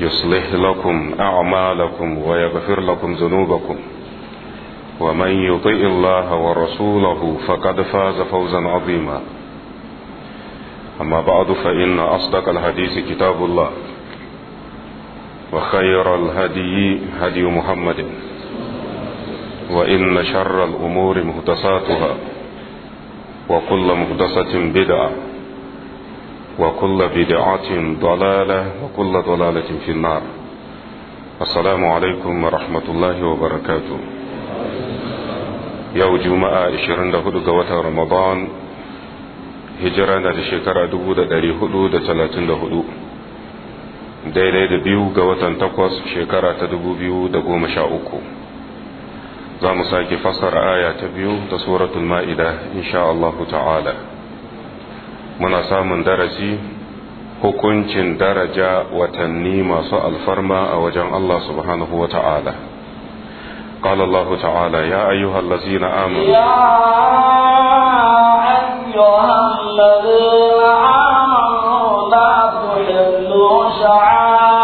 يصلح لكم أعمالكم ويغفر لكم ذنوبكم ومن يطع الله ورسوله فقد فاز فوزا عظيما أما بعد فإن أصدق الحديث كتاب الله وخير الهدي هدي محمد وإن شر الأمور مهدساتها وكل مهدسة بدعة وكل بدعة ضلالة وكل ضلالة في النار السلام عليكم ورحمة الله وبركاته يوم جمعة 24 ga watan Ramadan hijira na da shekara 1434 daidai da biyu ga watan takwas shekara ta uku. za mu sake fassara aya ta biyu ta suratul ma'ida insha Allah ta'ala muna samun darasi hukuncin daraja watanni masu alfarma a wajen Allah subhanahu wa ta'ala قال الله تعالى يا أيها الذين آمنوا يا أيها الذين آمنوا لا تحلوا شعائر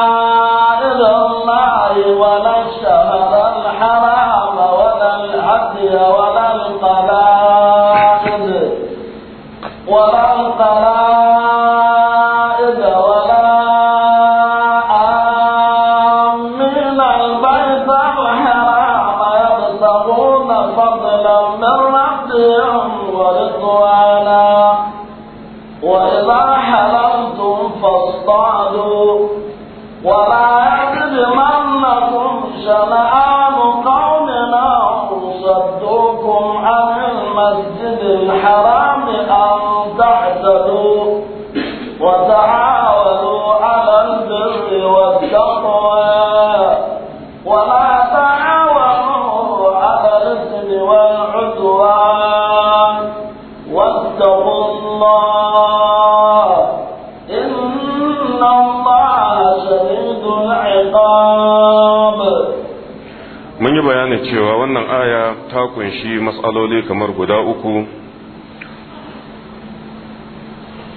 mun yi bayanin cewa wannan aya ta kunshi matsaloli kamar guda uku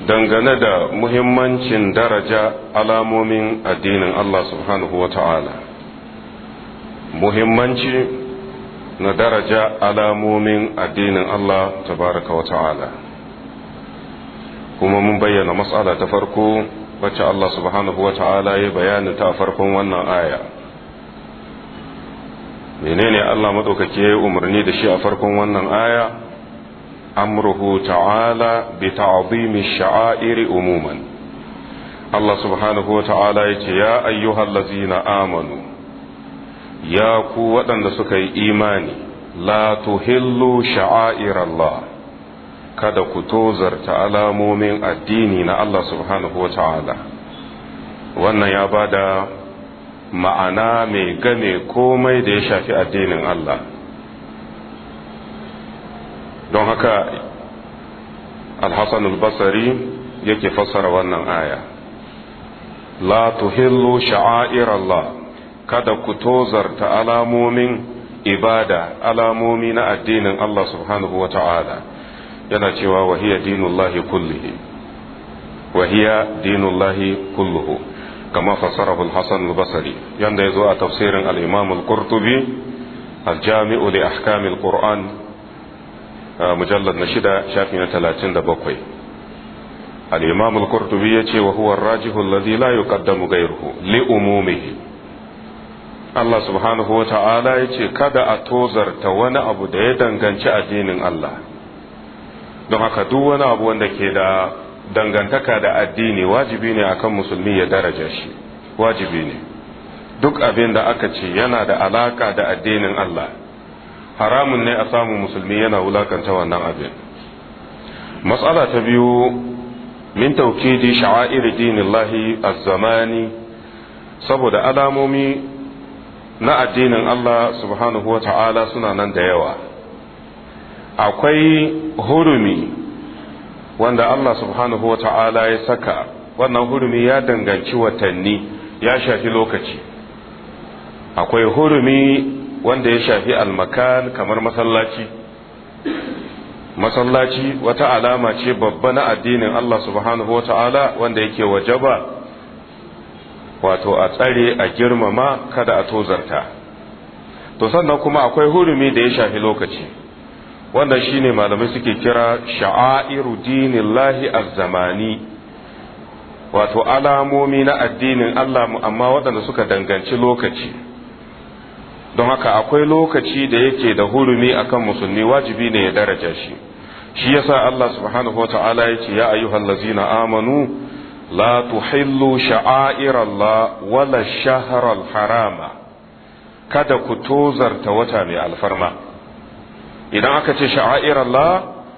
dangane da muhimmancin daraja alamomin addinin Allah subhanahu wa ta'ala muhimmanci na daraja alamomin addinin Allah tabaraka wa ta'ala kuma mun bayyana matsala ta farko wacce Allah subhanahu wa ta'ala ya bayani ta farkon wannan aya menene Allah maɗaukaki ya yi umarni da shi a farkon wannan aya amruhu ta'ala bi ta'zimi sha'airi umuman Allah subhanahu wa ta'ala ya ce ya na amanu ya ku waɗanda suka yi imani la tuhillu sha'airallah kada ku tozarta alamomin addini na Allah subhanahu wata'ala wannan ya ba da ma'ana mai game komai da ya shafi addinin Allah don haka alhassan Basari yake fassara wannan aya la tuhillu sha'airallah kada ku tozarta alamomin ibada alamomi na addinin Allah subhanahu wa ta'ala yana cewa wahiya dinullahi kullihi wahiya dinullahi kulluhu kama Fassarahu al-hasan al-basri yanda yazo a tafsirin al-imam al-qurtubi al-jami'u li ahkam al-qur'an mujallad na shida shafi na da al-imam al-qurtubi yace wa huwa ar-rajihu alladhi la yuqaddamu ghayruhu li umumihi Allah subhanahu wa ta'ala ya ce kada a tozarta wani abu da ya danganci addinin Allah don haka duk wani abu wanda ke da dangantaka da addini wajibi ne akan musulmi ya daraja shi wajibi ne duk abin da aka ce yana da alaka da addinin Allah haramun ne a samun musulmi yana wulakanta wannan abin matsala ta biyu min taukidi sha'air dinillahi az-zamani saboda alamomi na addinin Allah subhanahu wa suna nan da yawa akwai hurumi wanda Allah subhanahu wa ya saka wannan hurumi ya danganci watanni ya shafi lokaci akwai hurumi wanda ya shafi almakan kamar masallaci masallaci wata alama ce babba na addinin Allah subhanahu wa ta'ala wanda yake wajaba wato a tsare a girmama kada a tozarta to sannan kuma akwai hurumi da ya shafi lokaci wannan shine malamai suke kira sha'airu dinillahi az-zamani wato alamomi na addinin Allah amma waɗanda suka danganci lokaci don haka akwai lokaci da yake da hurumi akan musulmi wajibi ne ya daraja shi shi yasa Allah subhanahu wa ta'ala yace ya ayyuhallazina amanu لا تحلوا شعائر الله ولا الشهر الحرام kada ku tozarta wata mai alfarma idan aka ce sha'air Allah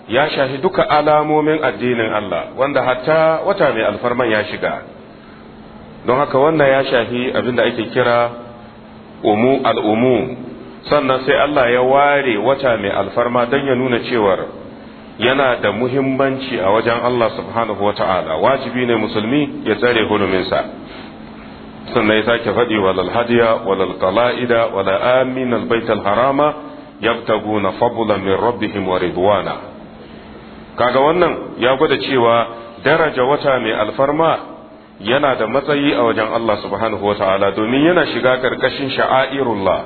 ya shafi duka alamomin addinin Allah wanda hatta wata mai alfarman ya shiga don haka wannan ya shafi abinda ake kira umu al'umu sannan sai Allah ya ware wata mai alfarma don ya nuna cewar yana da muhimmanci a wajen Allah subhanahu wa ta'ala wajibi ne musulmi ya tsare huluminsa. sannan ya sake faɗi walal hadiya walal qala'ida wala amin albayt harama yabtaguna fadlan min rabbihim wa ridwana kaga wannan ya gwada cewa daraja wata mai alfarma yana da matsayi a wajen Allah subhanahu wa ta'ala domin yana shiga karkashin sha'airullah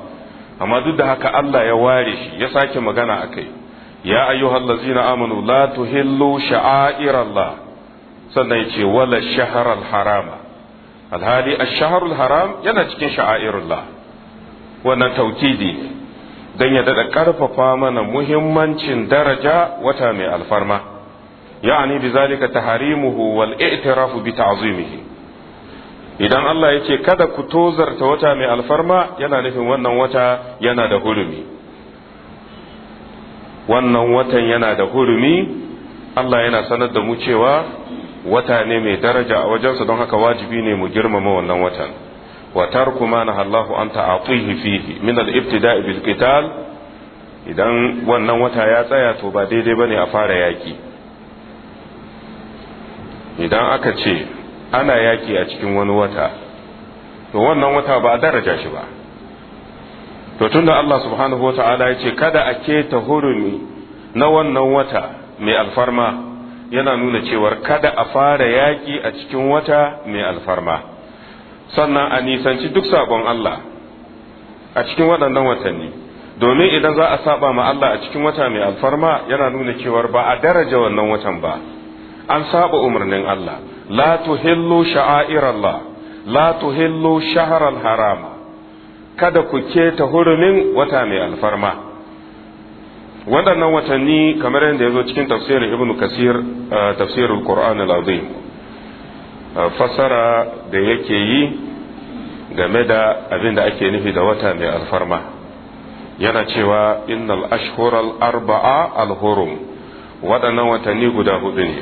amma duk da haka Allah ya ware shi ya sake magana a kai. ya ayyuhal ladzina amanu la tuhillu sha'airallah sannan yace wala shahral harama alhali ash-shahrul haram yana cikin sha'airullah wannan taukidi dan ya daɗa ƙarfafa mana muhimmancin daraja wata mai alfarma ya'ani bizalika taharimuhu wal i'tirafu bi ta'zimihi idan Allah yace kada ku tozarta wata mai alfarma yana nufin wannan wata yana da hulumi wannan watan yana da hurumi Allah yana sanar da mu cewa wata ne mai daraja a wajensa don haka wajibi ne mu girmama wannan watan wa tarku ma Allahu an ta'atihi fihi min al-ibtida'i bil qital idan wannan wata ya tsaya to ba daidai bane a fara yaki idan aka ce ana yaki a cikin wani wata to wannan wata ba a daraja shi ba to tunda Allah subhanahu wata'ala ya ce kada a ke ta hurumi na wannan wata mai alfarma yana nuna cewar kada a fara yaƙi a cikin wata mai alfarma sannan a nisanci duk sabon Allah a cikin waɗannan watanni domin idan za a saba ma Allah a cikin wata mai alfarma yana nuna cewar ba a daraja wannan watan ba an saba umarnin Allah la tuhillu sha'airallah la tuhillu shahral harama kada ku keta hurumin wata mai alfarma waɗannan watanni kamar yadda ya zo cikin tafsirin ibn kasir tafsirin qur'an al-azim fassara da yake yi game da abin da ake nufi da wata mai alfarma yana cewa innal ashhural arba'a al-hurum waɗannan watanni guda hudu ne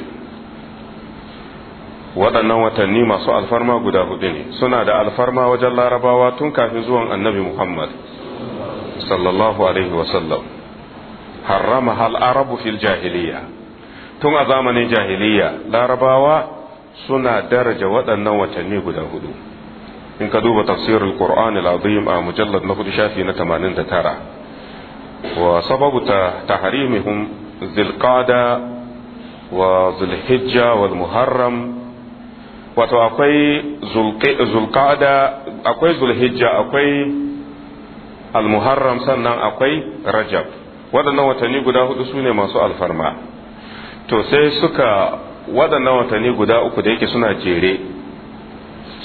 waɗannan watanni masu alfarma guda hudu ne suna da alfarma wajen larabawa tun kafin zuwan annabi muhammad sallallahu alaihi wasallam harrama hal arabu fil jahiliya tun a zamanin jahiliya larabawa suna daraja waɗannan watanni guda hudu in ka duba tafsirin qur'an al-azim a mujallad na hudu shafi na tara. wa sababu tahrimihim zilqada wa zulhijja wal muharram wato akwai zulqa'da akwai zulhijja akwai almuharram sannan akwai rajab waɗannan watanni guda hudu su ne masu alfarma to sai suka waɗannan watanni guda uku da yake suna jere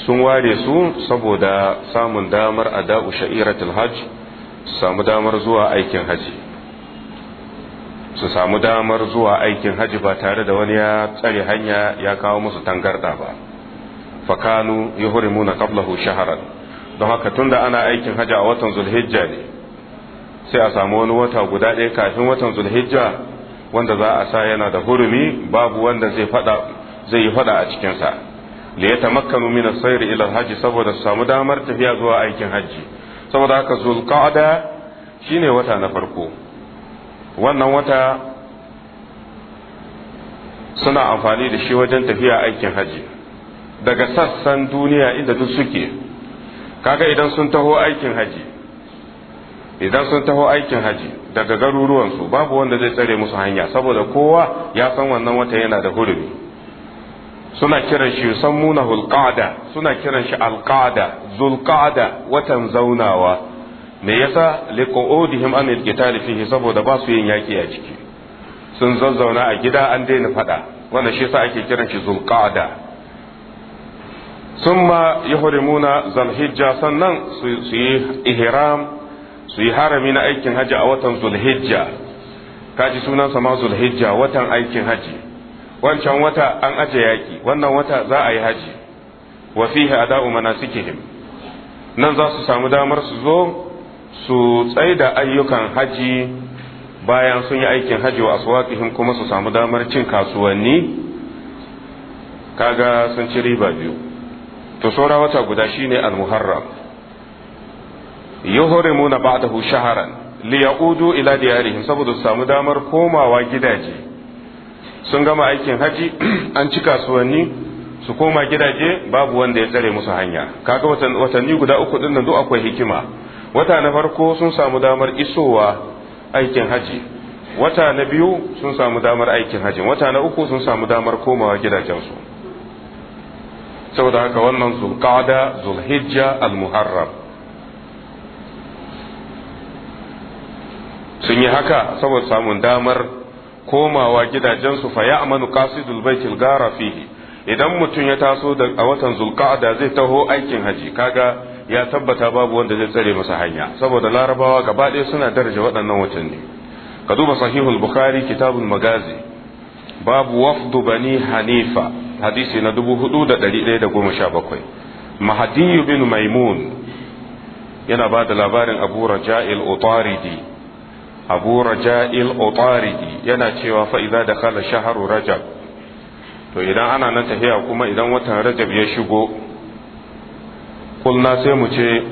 sun ware su saboda samun damar ada'u sha'iratul hajj samu damar zuwa aikin haji su samu damar zuwa aikin haji ba tare da wani ya tsare hanya ya kawo musu tangarda ba fakanu yuhrimuna qablahu shahran don haka tunda ana aikin haji a watan zulhijja ne sai a samu wani wata guda ɗaya kafin watan zulhijja wanda za a sa yana da hurumi babu wanda zai fada yi fada a cikin sa ya yatamakkanu min as-sayr ila al saboda su samu damar tafiya zuwa aikin haji saboda haka zulqa'da shine wata na farko wannan wata suna amfani da shi wajen tafiya aikin haji daga sassan duniya inda duk suke kaga idan sun taho aikin haji idan sun taho aikin haji daga garuruwansu babu wanda zai tsare musu hanya saboda kowa ya san wannan wata yana da hurumi suna kiran shi sammuna hulqada suna kiran shi alqada zulqada watan zaunawa me yasa liqaudihim an alqital fihi saboda ba su yin yaki a ciki sun zazzauna a gida an daina fada wannan shi yasa ake kiran shi zulqada summa yuhrimuna zulhijja sannan su yi ihram su yi harami na aikin haji a watan zulhijja kaji sunan sama zulhijja watan aikin haji wancan wata an aje yaki wannan wata za a yi haji wa fihi ada'u manasikihim nan za su samu damar su zo su tsaida ayyukan haji bayan sun yi aikin haji wa aswaqihim kuma su samu damar cin kasuwanni kaga sun ci riba biyu to saura wata guda shine al-muharram yuhrimuna ba'dahu shaharan liyaudu ila diyarihim saboda su samu damar komawa gidaje sun gama aikin haji an ci kasuwanni su koma gidaje babu wanda ya tsare musu hanya kaga watanni guda uku din nan duk akwai hikima wata na farko sun samu damar isowa aikin haji wata na biyu sun samu damar aikin hajji wata na uku sun samu damar komawa gidajensu saboda haka wannan zulqa'da zulhijja almuharram sun yi haka saboda samun damar komawa gidajensu fa ya'manu qasidul baitil gara fihi idan mutum ya taso a watan zulqa'da zai taho aikin haji kaga ya tabbata babu wanda zai tsare masa hanya saboda larabawa gaba ɗaya suna daraja waɗannan watanni ka duba sahihul bukhari kitabul magazi babu wafdu bani hanifa hadisi na dubu hudu da da dari goma sha mahadiyu bin maimun yana ba da labarin abu raja'il utaridi abu raja'il utaridi yana cewa fa'iza da kala shaharu rajab to idan ana nan tafiya kuma idan watan rajab ya shigo kulna sai mu ce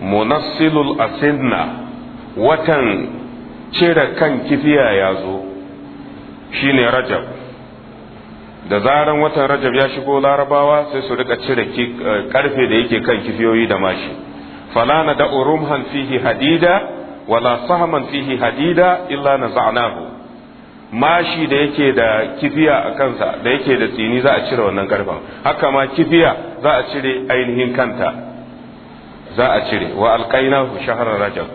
munassilul asinna watan cire kan kifiya ya zo shine rajab da zaran watan rajab ya shigo larabawa sai su rika cire eh, karfe da yake kan kifiyoyi da mashi fala na da urumhan fihi hadida wala sahman fihi hadida illa naza'nahu mashi da yake da kifiya a kansa da yake da tsini za a cire wannan karfen haka ma kifiya za a cire ainihin kanta za a cire wa alqainahu shaharar rajab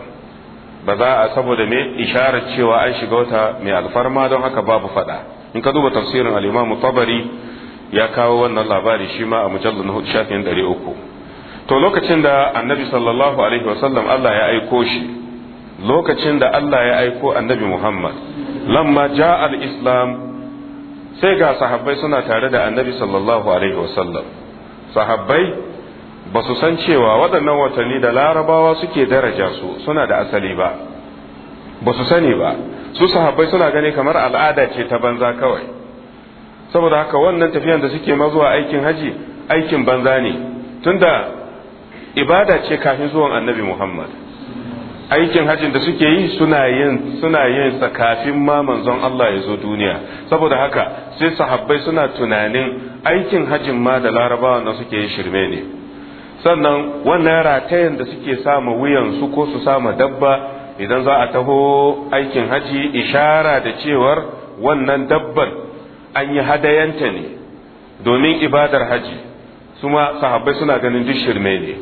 ba za a saboda mai isharar cewa an shiga wata mai alfarma don haka babu faɗa. in ka duba tafsirin al-Imam Tabari ya kawo wannan labari shi ma a mujallal na shafin 300 to lokacin da annabi sallallahu alaihi wasallam Allah ya aiko shi lokacin da Allah ya aiko annabi Muhammad lamma ja'a al-islam sai ga sahabbai suna tare da annabi sallallahu alaihi wasallam sahabbai ba su san cewa waɗannan watanni da larabawa suke daraja su suna da asali ba ba su sani ba su sahabbai suna gani kamar al'ada ce ta banza kawai saboda haka wannan tafiyan da suke mazuwa aikin haji aikin banza ne tunda ibada ce kafin zuwan annabi muhammad aikin hajjin da suke yi suna yin suna yin sa kafin ma manzon Allah ya zo duniya saboda haka sai sahabbai suna tunanin aikin hajjin ma da larabawa na suke yi shirme ne sannan wannan ratayen da suke sama su ko su sama dabba idan za a taho aikin haji ishara da cewar wannan dabban an yi hadayanta ne domin ibadar haji su ma sahabbai suna ganin duk shirme ne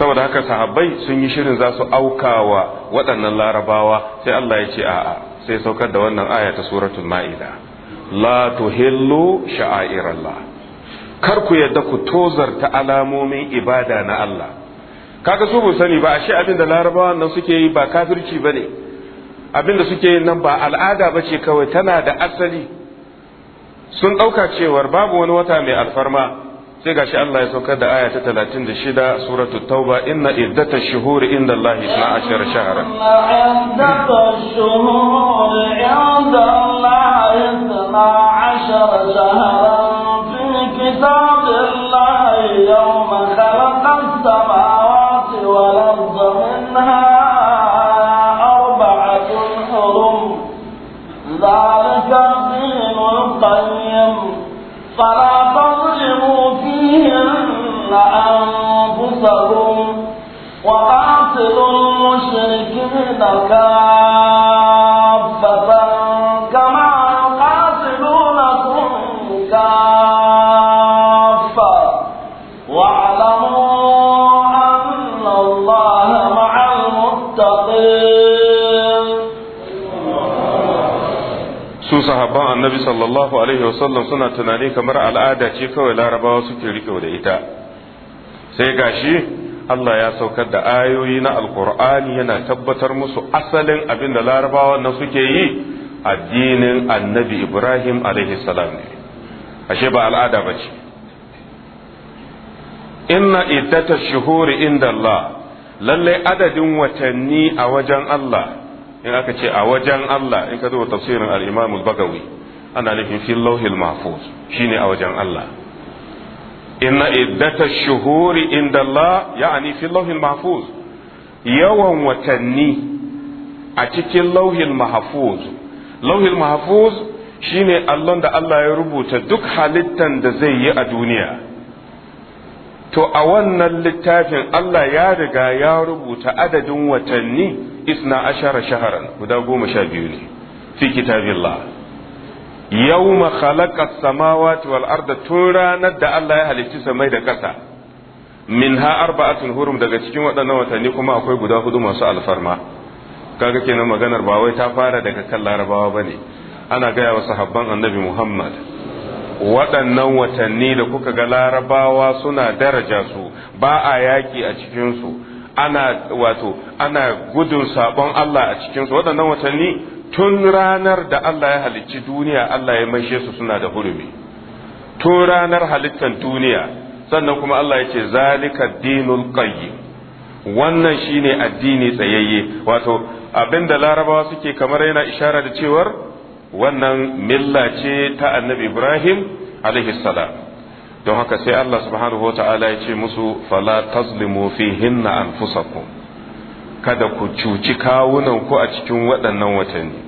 saboda haka sahabbai sun yi shirin za su wa waɗannan larabawa sai Allah ya ce a'a sai saukar da wannan aya ta suratul ma'ida la tuhillu sha'airallah kar ku yadda ku tozarta alamomin ibada na Allah kaga su bu sani ba ashe abin da larabawa nan suke yi ba kafirci bane abin da suke yi nan ba al'ada ba ce kawai tana da asali sun ɗauka cewar babu wani wata mai alfarma sai gashi Allah ya saukar da aya ta 36 suratul tauba inna iddatash shuhuri inda Allah 12 shuhuri inda Allah 12 shahran فلا تظلموا فيهن أنفسكم وقاتلوا المشركين كافة annabi sallallahu alaihi wasallam suna tunani kamar al'ada ce kawai larabawa suke rike da ita sai gashi Allah ya saukar da ayoyi na alkur'ani yana tabbatar musu asalin abin da larabawa na suke yi addinin annabi ibrahim alaihi salam ne ashe ba al'ada ba ce inna iddata shuhuri inda Allah lallai adadin watanni a wajen Allah in aka ce a wajen Allah in ka zo tafsirin al-Imam al-Bagawi ana nufin fil lauhil mahfuz shine a wajen Allah inna iddata shuhuri inda Allah ya'ani fil lauhil mahfuz yawan watanni a cikin lauhil mahfuz lauhil mahfuz shine allon da Allah ya rubuta duk halittan da zai yi a duniya to a wannan littafin Allah ya riga ya rubuta adadin watanni isna ashara shaharan guda goma sha biyu ne fi kitabillah yawma khalaqa samawati wal arda tun ranar da Allah ya halicci samai da ƙasa minha arba'atun hurum daga cikin waɗannan watanni kuma akwai guda hudu masu alfarma kaga kenan maganar ba wai ta fara daga kan larabawa bane ana gaya wa sahabban annabi Muhammad waɗannan watanni da kuka ga larabawa suna daraja su ba a yaki a cikinsu ana wato ana gudun sabon Allah a cikinsu waɗannan watanni tun ranar da Allah ya halicci duniya Allah ya maishe su suna da hurumi tun ranar halittar duniya sannan kuma Allah ya ce zalika dinul qayyim wannan shine addini tsayayye wato abinda larabawa suke kamar yana ishara da cewar wannan milla ce ta annabi Ibrahim alaihi salam don haka sai Allah subhanahu wa ta'ala ya ce musu fala tazlimu fihinna anfusakum kada ku cuci kawunanku a cikin waɗannan watanni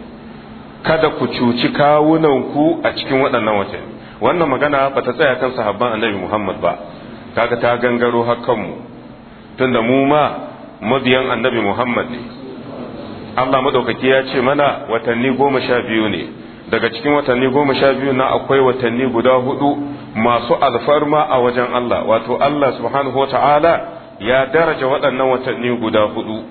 kada ku cuci kawunanku a cikin waɗannan watanni wannan magana ba ta tsaya kan sahabban annabi Muhammad ba kaga ta gangaro hakanmu tunda mu ma mabiyan annabi Muhammad ne Allah madaukaki ya ce mana watanni goma sha biyu ne daga cikin watanni goma sha biyu na akwai watanni guda hudu masu alfarma a wajen Allah wato Allah subhanahu wa ta'ala ya daraja waɗannan watanni guda hudu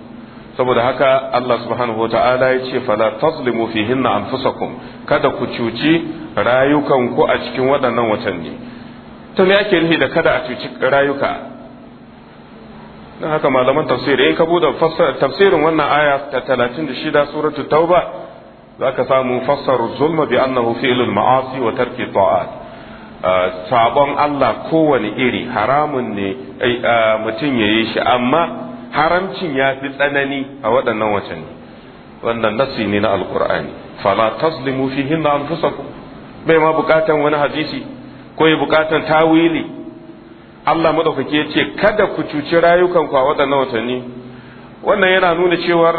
saboda haka Allah subhanahu wata'ala ya ce fala tazlimu fihinna anfusakum kada ku cuci rayukanku a cikin waɗannan watanni to ake nufi da kada a cuci rayuka Don haka malaman tafsiri in ka buɗe tafsirin wannan aya ta shida suratul tauba zaka samu fassaru zulma bi annahu fi'lul ma'asi wa tarki ta'at sabon Allah kowane iri haramun ne mutum yayi shi amma haramcin ya fi tsanani a waɗannan watanni wannan nasi ne na alkur'ani fala tazlimu fi na anfusakum bai ma bukatan wani hadisi ko ya bukatan tawili Allah madaukake ya ce kada ku cuci rayukanku a waɗannan watanni wannan yana nuna cewar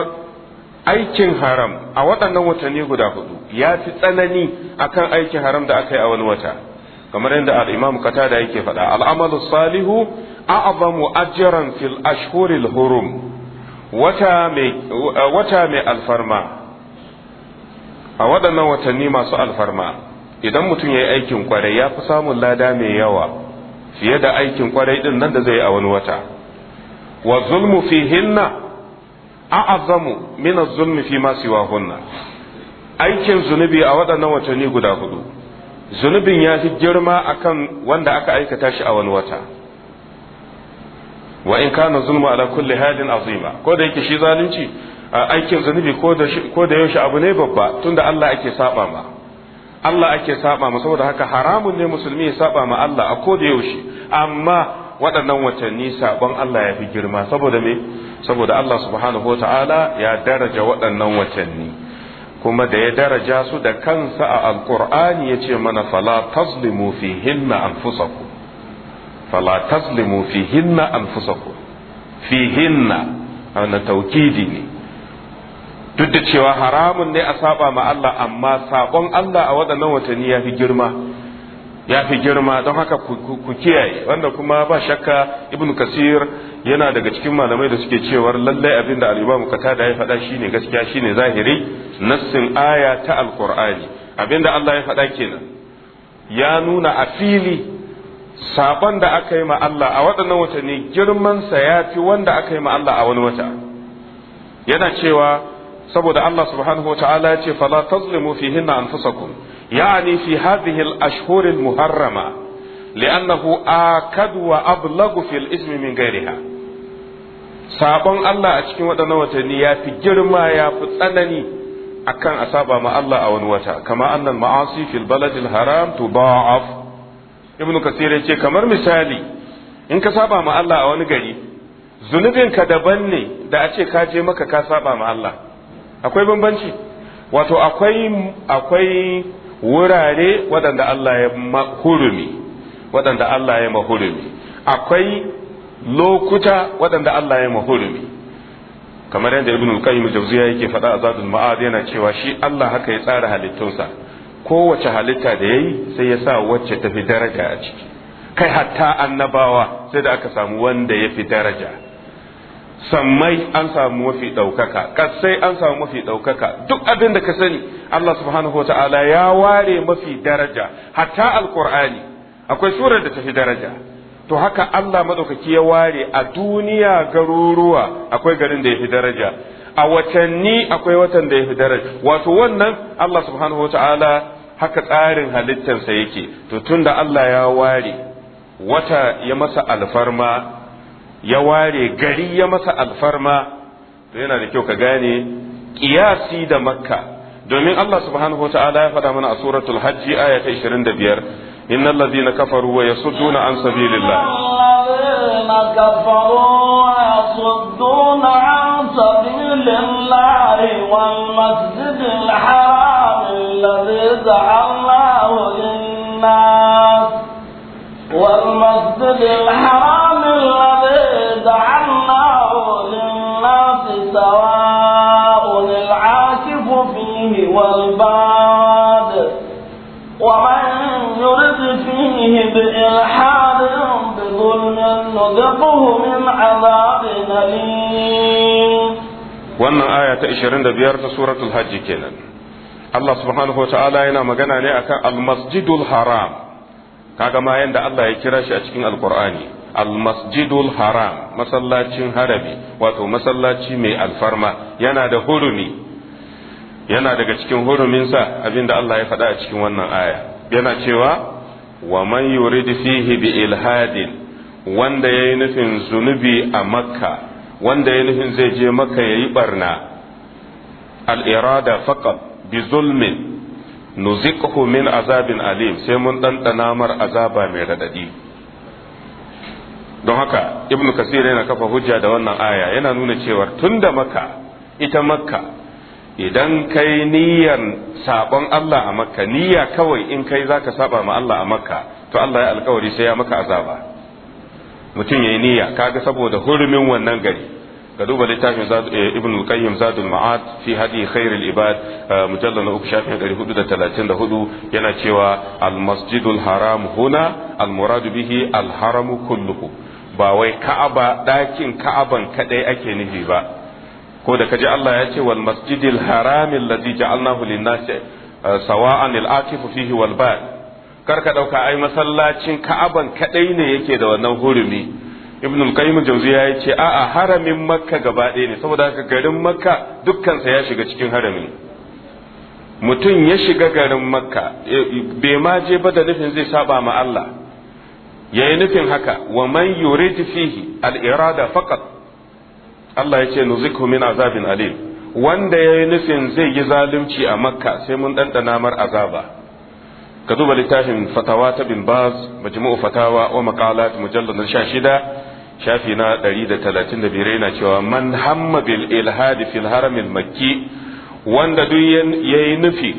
aikin haram a waɗannan watanni guda hudu ya fi tsanani akan aikin haram da aka yi a wani wata kamar yadda al kata qatada yake faɗa al'amalu salihu a'zamu ajran fil ashhuril hurum wata mai alfarma a waɗannan watanni masu alfarma idan mutum ya yi aikin kwarai ya fi samun lada mai yawa fiye da aikin kwarai din nan da zai yi a wani wata wa zulmu fi hinna. a'azamu min az-zulmi fi masu ma siwahunna aikin zunubi a waɗannan watanni guda hudu zunubin ya fi girma akan wanda aka aikata shi a wani wata wa in kana zulma ala kulli hadin azima ko da yake shi zalunci aikin zunubi ko da yaushe abu ne babba tunda Allah ake saba ma Allah ake saba ma saboda haka haramun ne musulmi ya saba ma Allah a ko da yaushe amma waɗannan watanni sabon Allah ya fi girma saboda me saboda Allah subhanahu wa ta'ala ya daraja waɗannan watanni kuma da ya daraja su da kansa a alkur'ani ya ce mana fala tazlimu fi hinna anfusakum fala tazlimu fi hinna anfusakum fi hinna ana taukidi ne duk da cewa haramun ne a saba ma Allah amma sabon Allah a waɗannan watanni ya fi girma ya fi girma don haka ku kiyaye wanda kuma ba shakka ibnu kasir yana daga cikin malamai da suke cewar lallai abin da al-Imam Qatada ya faɗa shine gaskiya shine zahiri nassin aya ta al-Qur'ani abin da Allah ya faɗa kenan ya nuna a fili sabon da aka yi ma Allah a waɗannan watanni girman sa ya fi wanda aka yi ma Allah a wani wata yana cewa saboda Allah subhanahu wataala ya ce fala tazlimu fihinna anfusakum yani fi hadhihi al-ashhur muharrama لأنه آكد وأبلغ في الإسم من غيرها sabon Allah a cikin waɗannan watanni ya fi girma ya fi tsanani akan a saba ma Allah a wani wata kama annan ma'asi fil baladil haram ba'af ibn kasir yace kamar misali in ka saba ma Allah a wani gari zunubin ka daban ne da a ce ka je maka ka saba ma Allah akwai bambanci wato akwai akwai wurare waɗanda Allah ya mahurumi waɗanda Allah ya mahurumi akwai lokuta waɗanda Allah ya mahurumi kamar yadda ibn qayyim jawziya yake faɗa a zadul ma'ad yana cewa shi Allah haka ya tsara halittunsa kowace halitta da yayi sai ya sa wacce ta fi daraja a ciki kai hatta annabawa sai da aka samu wanda ya fi daraja sammai an samu mafi ɗaukaka ƙasai an samu mafi ɗaukaka duk abin da ka sani Allah subhanahu wa ya ware mafi daraja hatta alqur'ani akwai surar da ta fi daraja to haka Allah madaukaki ya ware a duniya garuruwa akwai garin da ya fi daraja a watanni akwai watan da ya fi daraja wato wannan Allah subhanahu wataala haka tsarin halittarsa yake to tunda Allah ya ware wata ya masa alfarma ya ware gari ya masa alfarma to yana da kyau ka gane kiyasi da makka domin Allah subhanahu wataala ya faɗa mana a suratul hajji aya ta 25 إن الذين كفروا ويصدون عن سبيل الله الذين كفروا ويصدون عن سبيل الله والمسجد الحرام الذي جعلناه للناس والمسجد الحرام الذي جعلناه للناس سواء العاكف فيه والباد ومن نرد فيه بإلحاد بظلم نذقه من عذاب أليم wannan aya ta 25 ta suratul hajji kenan Allah subhanahu wata'ala yana magana ne akan al-masjidul haram kaga ma yanda Allah ya kira shi a cikin alqur'ani al-masjidul haram masallacin harabi wato masallaci mai alfarma yana da hurumi yana daga cikin huruminsa abinda Allah ya faɗa a cikin wannan aya yana cewa wa man yurid fihi bi ilhadin wanda yayi nufin zunubi a makka wanda yayi nufin zai je makka yayi barna al irada faqat bi zulmin nuzikhu min azabin alim sai mun dandana mar azaba mai radadi don haka ibnu kasir yana kafa hujja da wannan aya yana nuna cewa tunda makka ita makka idan kai niyyar sabon Allah a makka niyya kawai in kai zaka saba ma Allah a makka to Allah ya alkawari sai ya maka azaba mutum yayi niyya kaga saboda hurumin wannan gari ka duba littafin eh, ibn al-qayyim zadul ma'ad fi hadi khair ibad eh, mujallal na uku shafin 434 yana cewa al-masjidul haram huna al-murad bihi al-haram kulluhu ba wai ka'aba dakin ka'aban kadai ake nufi ba ko da kaji Allah ya ce wal masjidil haram alladhi ja'alnahu lin-nas eh, sawa'an al-aqifu fihi wal ba'd karka dauka ai masallacin Ka'aban kadai ne yake da wannan hurumi ibn al-qayyim jawziya ya ce a'a haramin makka gaba ɗaya ne saboda haka garin makka dukkan sa ya shiga cikin haramin mutum ya shiga garin makka bai ma je ba da nufin zai saba ma Allah yayi nufin haka wa man yurid fihi al-irada faqat Allah ya ce nuzikhu min azabin alim wanda ya yi nufin zai yi zalunci a makka sai mun ɗanɗana mar azaba ka duba littafin fatawa ta bin baz majmu'u fatawa wa maqalat mujallad na 16 shafi na 135 yana cewa man hamma bil ilhadi fil haramil makki wanda duk yayi nufi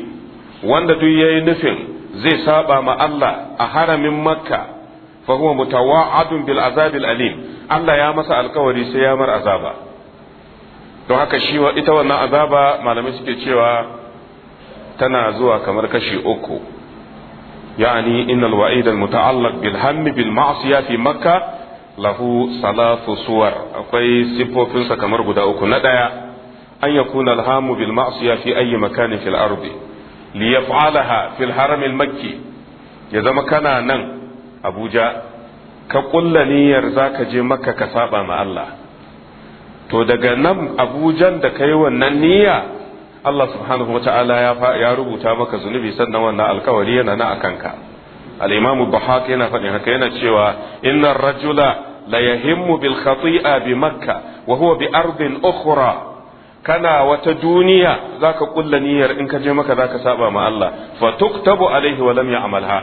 wanda duk yayi nufin zai saba ma Allah a haramin makka fa huwa mutawa'adun bil azabil alim Allah ya masa alkawari sai ya mar azaba don haka shi wa ita wannan azaba malamai suke cewa tana zuwa kamar kashi uku yani innal wa'id al muta'allaq bil hammi bil ma'siya fi makka lahu salatu suwar akwai sifofin sa kamar guda uku na daya an yakuna al hamu bil fi ayyi makanin fil ardi li yaf'alaha fil haram al makki ya zama kana nan abuja ka kulla niyyar zaka je makka ka saba ma Allah to daga nan abujan da kai wannan niyya Allah subhanahu wata'ala ya ya rubuta maka zunubi sannan wannan alkawari yana na akanka al-imam bahaq yana faɗin haka yana cewa innar rajula la yahimmu bil khati'a bi makka wa huwa bi ardin ukhra kana wata duniya zaka kulla niyyar in ka je maka zaka saba ma Allah fa tuktabu alaihi wa lam ya'malha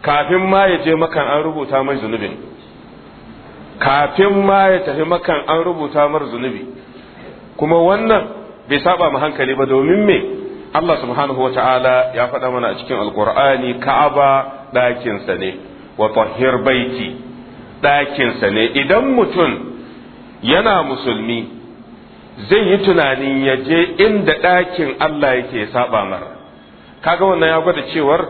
kafin ma ya je maka an rubuta mai zunubin kafin ma ya tafi makan an rubuta mar zunubi kuma wannan bai saba mu hankali ba domin me Allah subhanahu wa ta'ala ya faɗa mana a cikin alkur'ani ka'aba ɗakinsa ne wa tahir baiti ɗakinsa ne idan mutum yana musulmi zai yi tunanin ya je inda ɗakin Allah yake saba mara kaga wannan ya gwada cewar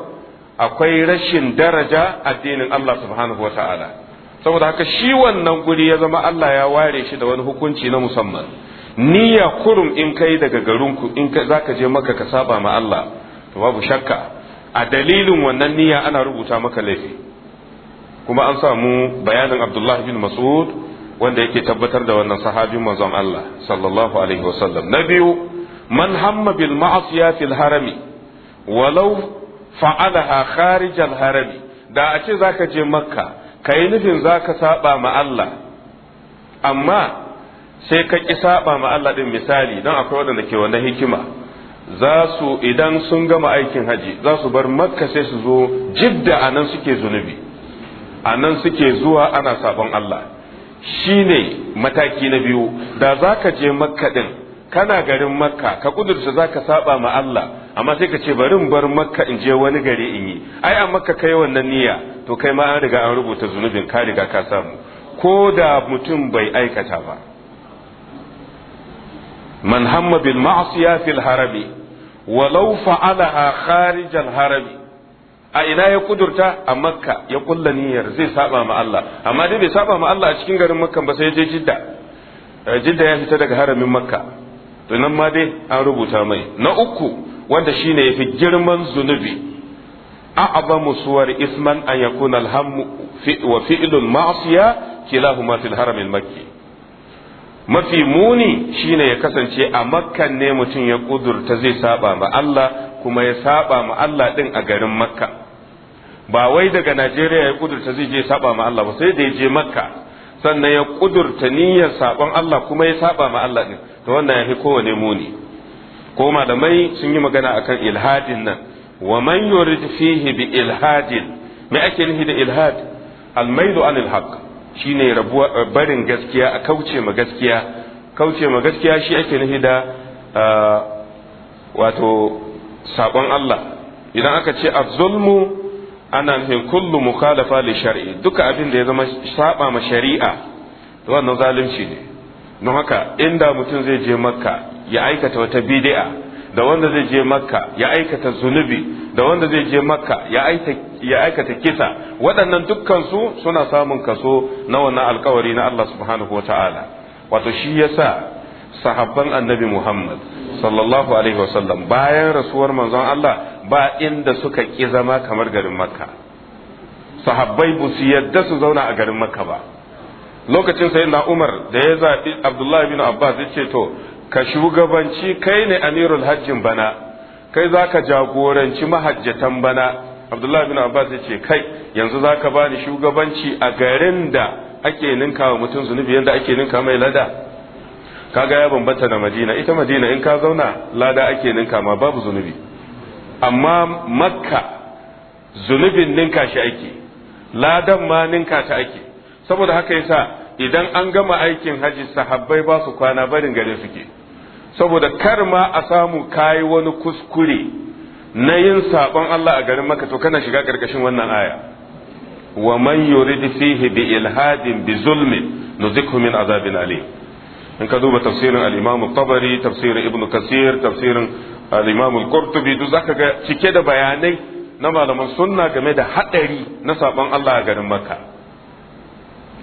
akwai rashin daraja addinin Allah subhanahu wa ta'ala saboda haka shi wannan guri ya zama Allah ya ware shi da wani hukunci na musamman niyya kurum in kai daga garinku in za ka je maka ka saba ma Allah to babu shakka a dalilin wannan niyya ana rubuta maka laifi kuma an samu bayanin Abdullah bin Mas'ud wanda yake tabbatar da wannan sahabin manzon Allah sallallahu alaihi wasallam na biyu man hamma bil ma'asiya fil harami walau fa'alaha kharij al harami da a ce zaka je makka ka yi nufin za ka saba ma Allah amma sai ka ƙi saba ma Allah ɗin misali don akwai waɗanda ke wannan hikima za su idan sun gama aikin haji za su bar makka sai su zo jidda a nan suke zunubi a nan suke zuwa ana sabon Allah shi ne mataki na biyu da za ka je makka ɗin kana garin makka ka kudurta za ka saba ma Allah amma sai ka ce bari bar makka in je wani gari in yi ai a makka kai wannan niyya to kai ma an riga an rubuta zunubin ka riga ka samu ko da mutum bai aikata ba man hamma bil ma'siya fil harami walau fa'alaha kharijal harami a ina ya kudurta a makka ya kulla niyyar zai saba ma Allah amma dai bai saba ma Allah a cikin garin makka ba sai je jidda eh, jidda ya fita daga haramin makka to nan ma dai an rubuta mai na uku wanda shine yafi girman zunubi a'zamu suwar isman an yakuna alhammu wa fi'lul ma'siya kilahuma fil haram al-makki mafi muni shine ya kasance a Makka ne mutum ya kudurta zai saba ma Allah kuma ya saba ma Allah din a garin makka ba wai daga Najeriya ya kudurta zai je saba ma Allah ba sai da ya je makka sannan ya kudurta niyyar sabon Allah kuma ya saba ma Allah din to wannan yafi kowane muni ko malamai sun yi magana akan ilhadin nan wa man yurid fihi bi me ake nufi da ilhad al mailu an al haqq shine rabuwa barin gaskiya a kauce ma gaskiya kauce ma gaskiya shi ake nufi da wato sabon Allah idan aka ce az-zulmu ana nufin kullum mukhalafa li shar'i duka abin da ya zama saɓa ma shari'a wannan zalunci ne don haka inda mutum zai je makka ya aikata wata bidi'a. da wanda zai je makka ya aikata zunubi da wanda zai je makka ya aikata kisa waɗannan dukkansu suna samun kaso na wannan alkawari na Allah subhanahu wa ta'ala wato shi yasa sahabban annabi Muhammad sallallahu alaihi wasallam bayan rasuwar manzon Allah ba inda suka ƙi zama kamar garin makka sahabbai ba su yadda su zauna a garin makka ba lokacin sayyidina Umar da ya zaɓi Abdullahi bin Abbas ya ce to ka shugabanci kai ne amirul hajjin bana kai za ka jagoranci mahajjatan bana abdullahi bin abbas ya ce kai yanzu za ka bani shugabanci a garin da ake ninka wa mutum zunubi yadda ake ninka mai lada kaga ya bambanta da madina ita madina in ka zauna lada ake ninka ma babu zunubi amma makka zunubin ninka shi ake ladan ma ninka ta ake saboda haka yasa idan an gama aikin haji sahabbai ba su kwana barin gare suke saboda kar ma a samu kayi wani kuskure na yin sabon Allah a garin maka to kana shiga karkashin wannan aya wa man yurid fihi bi ilhadin bi zulmin nuzikhu min azabin Ali. in ka duba tafsirin al-Imam tabari tafsirin Ibn Kasir tafsirin al-Imam al-Qurtubi duk zaka ga cike da bayanai na malaman sunna game da hadari na sabon Allah a garin maka.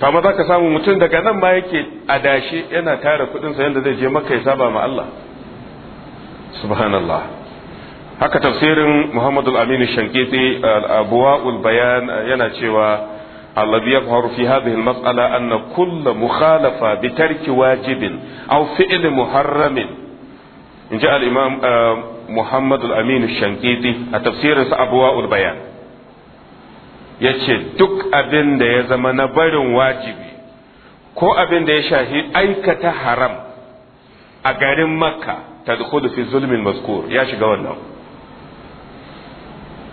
to amma zaka samu mutum daga nan ma yake adashi yana tara kuɗin sa yanda zai je maka ya saba ma Allah subhanallah haka tafsirin Muhammad al Shankiti Bayan yana cewa الذي يظهر في هذه المسألة أن كل مخالفة بترك واجب أو فعل محرم إن جاء الإمام محمد الأمين الشنقيطي التفسير أبواء البيان ya ce duk abin da ya zama na barin wajibi ko abin da ya shafi aikata haram a garin makka ta fi zulmin mazkur ya shiga wannan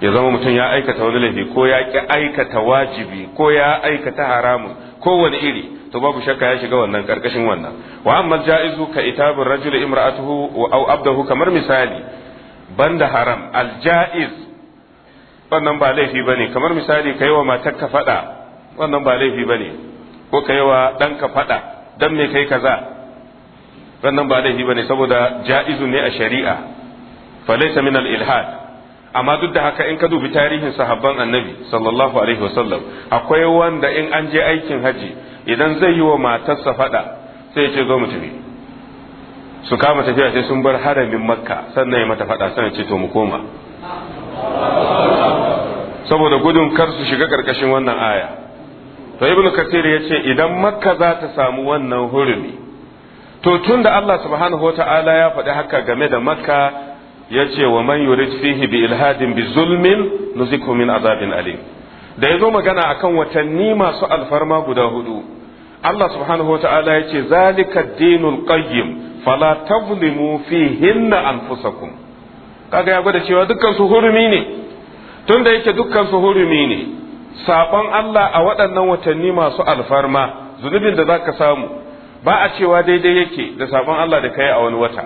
ya zama mutum ya aikata wani laifi ko ya ƙi aikata wajibi ko ya aikata haramun kowane iri to babu shakka ya shiga wannan karkashin wannan wa amma ja'izu ka itabun rajul imra'atuhu aw abdahu kamar misali banda haram al ja'iz wannan ba laifi bane kamar misali ka yi wa matarka faɗa, wannan ba laifi bane ko ka yi wa ɗanka faɗa, dan me kai kaza wannan ba laifi bane saboda ja'izu ne a shari'a falaysa min al-ilhad amma duk da haka in ka dubi tarihin sahabban annabi sallallahu alaihi wasallam akwai wanda in an je aikin haji idan zai yi wa matarsa faɗa, sai ya ce zo mu tafi su kama tafiya sai sun bar haramin makka sannan ya mata faɗa, sannan ce to mu koma saboda gudun kar su shiga karkashin wannan aya to ibn kasir ya ce idan makka za ta samu wannan hurumi to tun da Allah subhanahu wa ta'ala ya faɗi haka game da makka ya ce wa man yurid fihi bi ilhadin bi zulmin nuziku min azabin alim da ya zo magana akan watanni masu alfarma guda hudu Allah subhanahu wa ta'ala ya ce zalika dinul qayyim fala tazlimu fihinna anfusakum kaga ya gwada cewa dukkan su hurumi ne tun da yake dukkan su hurumi ne saɓon Allah a waɗannan watanni masu alfarma zunubin da za ka samu ba a cewa daidai yake da saɓon Allah da kai a wani wata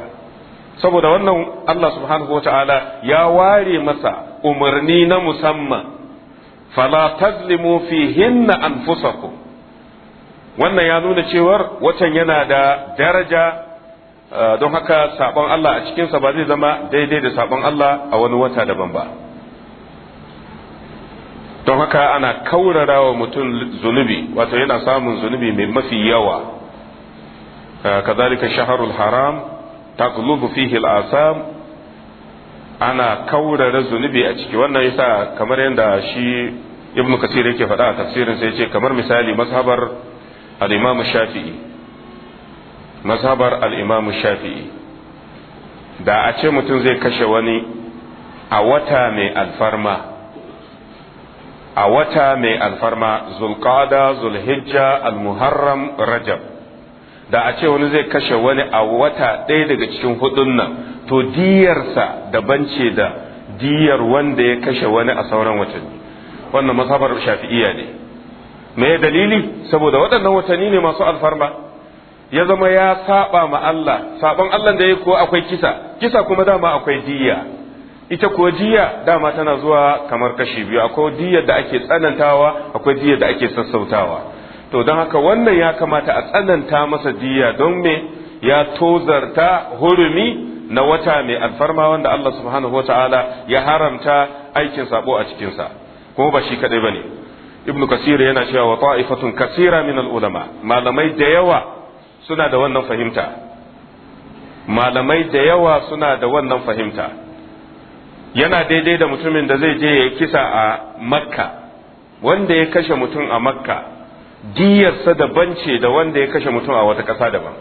saboda wannan Allah subhanahu wata'ala ya ware masa umarni na musamman fala tazlimu hinna anfusakum wannan ya nuna cewar watan yana da daraja eh, don haka sabon Allah a cikinsa ba zai zama daidai da sabon Allah a wani wata daban ba don haka ana kaurara wa mutum zunubi wato yana samun zunubi mai mafi yawa kazalika shaharul haram taqlubu fihi al-asam ana kaurara zunubi a ciki wannan yasa kamar yadda shi ibnu kasir yake faɗa a tafsirin sai ce kamar misali mazhabar al-imam shafi'i mazhabar al-imam shafi'i da a ce mutum zai kashe wani a wata mai alfarma a wata mai alfarma zulqada zulhijja almuharram rajab da a ce wani zai kashe wani a wata ɗaya daga cikin hudun nan to diyarsa daban ce da diyar wanda ya kashe wani a sauran watanni wannan masabar shafi'iya ne me dalili saboda waɗannan watanni ne masu alfarma ya zama ya saba ma Allah saban Allah da ya ko akwai kisa kisa kuma dama akwai diyya ita ko jiya dama tana zuwa kamar kashi biyu akwai diyar da ake tsanantawa akwai jiyar da ake sassautawa to don haka wannan ya kamata a tsananta masa jiya don me ya tozarta hurumi na wata mai alfarma wanda Allah subhanahu wataala ya haramta aikin sabo a cikinsa kuma ba shi kadai bane ibnu kasir yana cewa wa ta'ifatun kasira min ulama malamai da yawa suna da wannan fahimta malamai da yawa suna da wannan fahimta yana daidai da mutumin da zai je ya kisa a makka wanda ya kashe mutum a makka diyarsa daban ce da wanda ya kashe mutum a wata ƙasa daban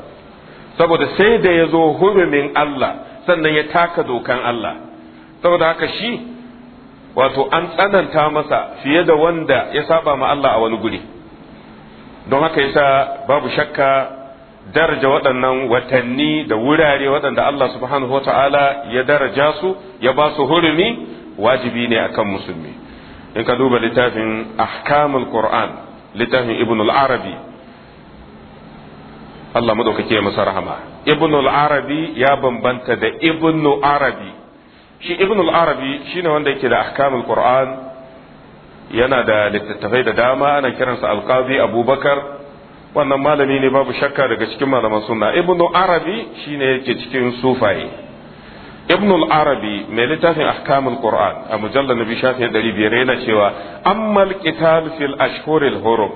saboda sai da ya zo hurumin Allah sannan ya taka dokan Allah saboda haka shi wato an tsananta masa fiye da wanda ya saba ma Allah a wani guri don haka yasa babu shakka daraja waɗannan watanni da wurare waɗanda Allah subhanahu wata'ala ya daraja su ya ba su hurumi wajibi ne akan musulmi in ka duba littafin ahkamul qur'an littafin ibn al-arabi Allah madaukake masa rahama ibn al-arabi ya bambanta da ibn arabi shi ibn al-arabi shine wanda yake da ahkamul qur'an yana da littattafai da dama ana kiransa alqazi abubakar wannan malami ne babu shakka daga cikin malaman sunna ibnu arabi shine yake cikin sufaye Ibnul arabi mai littafin ahkamul qur'an a mujallar nabi shafin 500 yana cewa ammal qital fil ashhuril hurum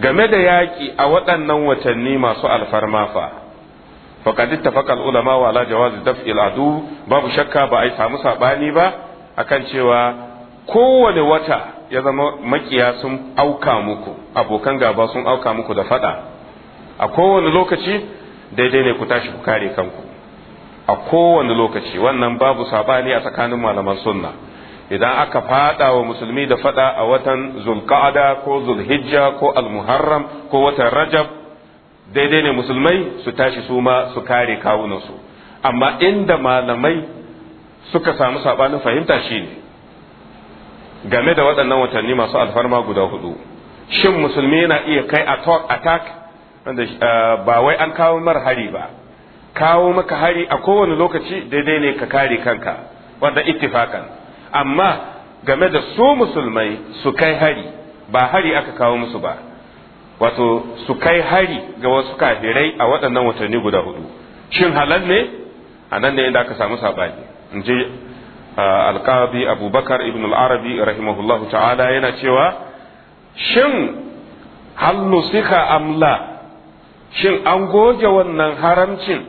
game da yaƙi a waɗannan watanni masu alfarma fa faqad ittafaqa al ulama wa ala jawaz daf'il adu babu shakka ba ai samu sabani ba akan cewa kowane wata ya zama makiya sun auka muku abokan gaba sun auka muku da fada a kowane lokaci daidai ne ku tashi ku kare kanku a kowane lokaci wannan babu sabani a tsakanin malaman sunna idan aka fada wa musulmi da fada a watan zulqa'ada ko zulhijja ko almuharram ko watan rajab daidai ne musulmai su tashi su ma su kare kawunansu amma inda malamai suka samu sabanin fahimta shine game da waɗannan watanni masu alfarma guda hudu shin musulmi yana iya kai a talk attack wanda eh, ba wai an kawo mar hari ba kawo maka hari a kowane lokaci daidai ne ka kare kanka wanda ittifakan amma game da su musulmai su kai hari ba hari aka kawo musu ba wato su kai hari ga wasu kafirai a waɗannan watanni guda hudu shin halal ne a nan ne inda aka samu saɓani in alqadi abubakar ibn al-arabi rahimahullahu ta'ala yana cewa shin hallu sika amla shin an goge wannan haramcin